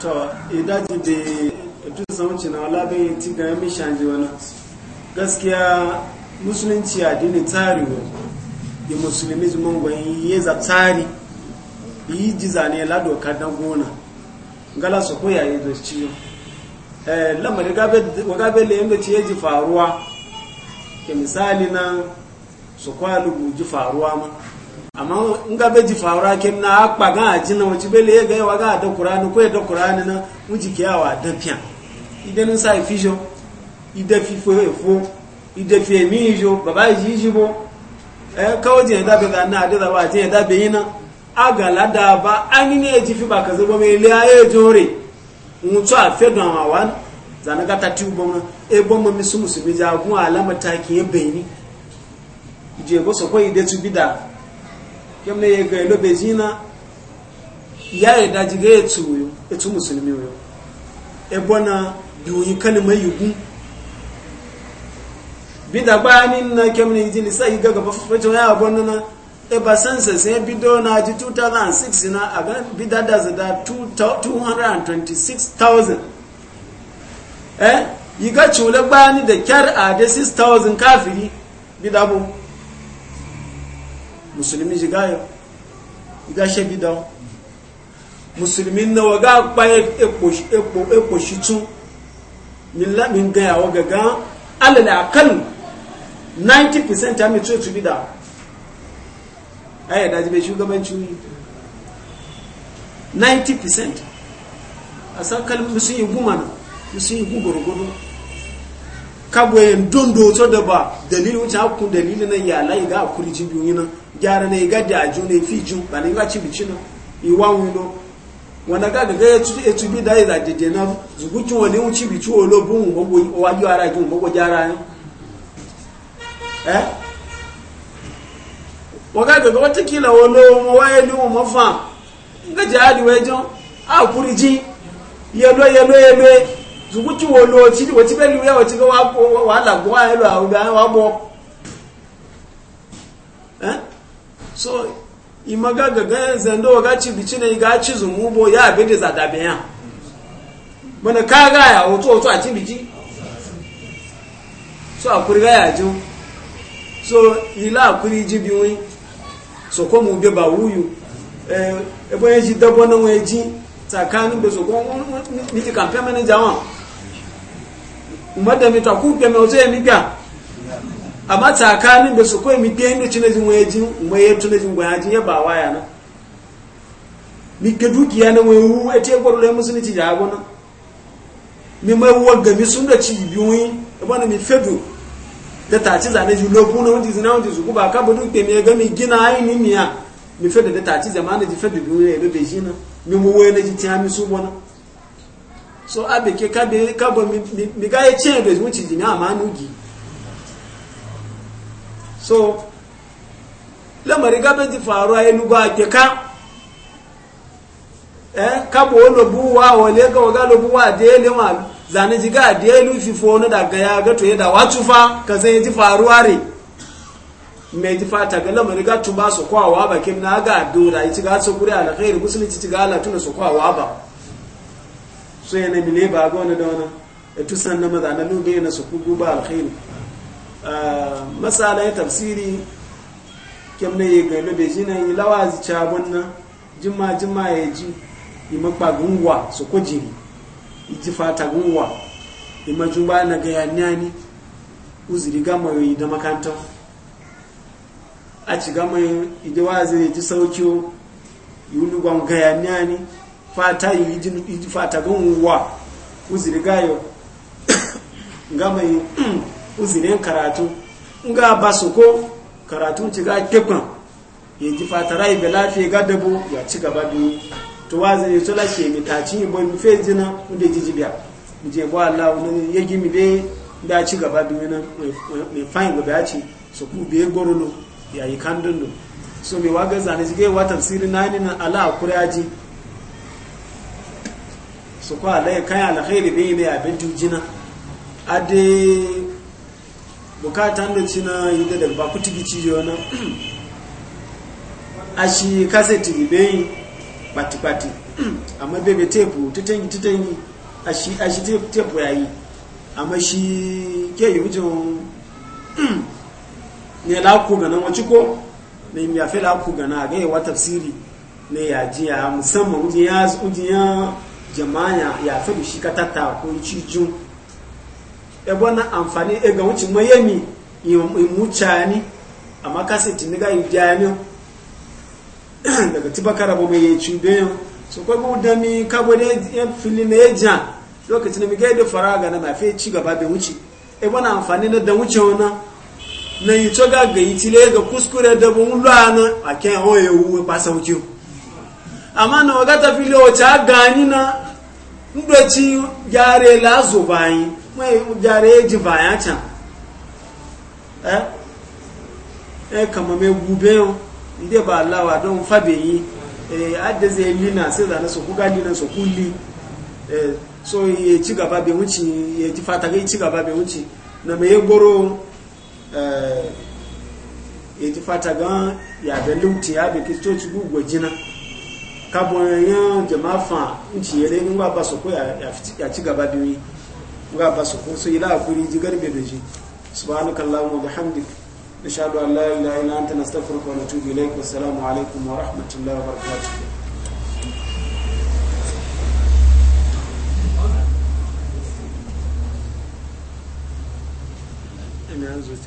to idaji da na ti ga yami shanji wani gaskiya musulunci addini tsari wani yi musulmi zuman gwani za tsari yi ji zane lado kadan gona gala su koya yi ciyo eh, lamari wagabe da yadda ce ya ji faruwa ke misali na su kwalubu ji faruwa ma amma in ga beji fawara kin na akpa ga ajin na wuci bele ga yawa ga da qur'ani ko da qur'ani na wuci kiyawa da fiya idan sa ifisho ide fifo efo ide fi emijo e baba e yijibo eh kawo je e da be na da da wa je da be yina agala da ba anini eji fi ba ka zo me ile aye jore mutu afe don awan zanaga tati ubon ebo mo mi sumu su bi ja gun alama ta ki ebeni ije bo so ko ide tu bida kemne ye ga lo bezina ya ye da jige etu yo etu musulmi yo e bona duyi kalma yugun bida ba na kemne ji ni sai gaga ba ya bona na e ba sansa sai bido na ji 2006 na aga bida da da 226000 eh, yi ga chule ba da kyar a da 6000 kafiri bida bu musulmi ji gayo ga shebi musulmi na waga pa e, e e min gaya alala 90% ta mito tu bida ayyada shugabanci 90% a san kalmi sun yi guma na sun yi kagwayen da ba dalilin wuce hakun dalilin ga akuri jibiyoyi gyara na iga da aju na ifi ju ba na iga ci bici na iwa wulo wana ga ga ya etu bi da ida dede na zugu ju wani un ci bici wolo bu un gbogbo wa ju ara ju gbogbo gyara ni eh waga ga wata kila wolo mo waye ni mu mafa ga jadi wejo a kuriji yelo yelo yelo zugu ju wolo ti wo ti be lu ya wo ti ga wa wa la gwa elo a wo ga wa bo eh so imaga gaga zendo ga ci bici ne ga ci zumu bo ya bi da biya mana ka ga ya oto oto a ci bici so akuri ga ya ju so ila akuri ji bi wi so ko mu be ba wuyu eh e bo ji dabo na we ji tsakanin be so ko ni ti campaign manager wa madami ta ku pe me oto e mi ga amma tsakanin da su kawai mi biyan da cina jin waye jin waye tuna jin gwaya jin yaba waya na mi ke dukiya na waye wu ete gwaro le musulunci ya gona mi mai wa ga mi sun da ci biyoyi bana mi fedu da ta ci zane ji lobu na wanda zina wanda su kuba ka bu duke mi ga mi gina ai ni miya mi fedu da ta ci zamana ji fedu biyoyi ne be jina mi mu waye na ji ta mi su bona so abe ke ka be ka bo mi ga ye ce be mu ci jina amanu gi so lamari gabe ti faruwa a ake ka eh kabo olobu wa wale ga waga lobu wa de ele wa zane ji ga de elu fifo no daga ya ga to da watu fa ka zai ji faruwa re me ji fata ga lamari ga tuba su kwa wa ba kin na ga dora yi ci ga su kuri ala khairu musulunci ci ga ala tuna su kwa wa ba so yana mile ba ga wani da wani etu san na maza na lube na su kugu ba alkhairu ya tafsiri kyan na yega da be jina yi lawazi cabon na jima jima ya ji yi makpa gungwa so ko jiri ji fata gungwa maju ba na ga ya nyani uziri gama yi da makanta a ci gama yi ide wazi ya ji sauki yi wuli ga ya nyani fata yi ji fata gungwa uziri gayo gama yi uzirin karatu nga ba su ko karatu ci ga kekwan ya ji fatara ibe lafiya ga dabu ya ci gaba biyu to wa zai to la ke mitaci bo mi fe jina unde jiji biya mi je bo Allah ne ya gi mi be da ci gaba biyu na mi fain go biya ci so ku be no ya yi kandun do so mi waga zane jige wa tafsirin ni na ala kuraji so ko Allah ya kai alkhairi be ne abin tujina ade bukata da cina yi da dalba ku tigi cijo na a shi kaseti bibeyi pati-pati amma bebe tepu tutangi tutangi a shi a shi tepu ya yi amma shi ke yi wujen ne laku gana wacce ko ne ya fi laku gana ga yawa tafsiri ne ya ji ya musamman wujen ya jama'a ya fi shi ka tattako cijin ebe na amfani ga wucin miami imucani amma kasance ni ga idanu daga tibakara ba mai cube yau so kwa bu da mi kabo da yan fili na yajan lokacin mi gaida faraga na mafi ci gaba bai wuce ebe na amfani na da wuce wana na yi to ga yi tile ga kuskure da bun lana a kan hoye wuwe ba sauki amma na wagata fili o ta gani na ndoci yare lazo bayin mai ujare ji baya can eh? e eh kama mai gube yau inda ba allawa don fabe yi eh adda zai lina sai zane su kuka lina su kulli eh so e, ya ci gaba bai wuce ya ji fata ga ci gaba bai wuce na mai gboro eh ya ji fata ga ya da luti ya bai kistoci gugu jina kabon yan jama'a fa nci yare ni wa ba su ko ya ci gaba bai سبحانك اللهم وبحمدك نشهد ان لا اله الا انت نستغفرك ونتوب اليك والسلام عليكم ورحمه الله وبركاته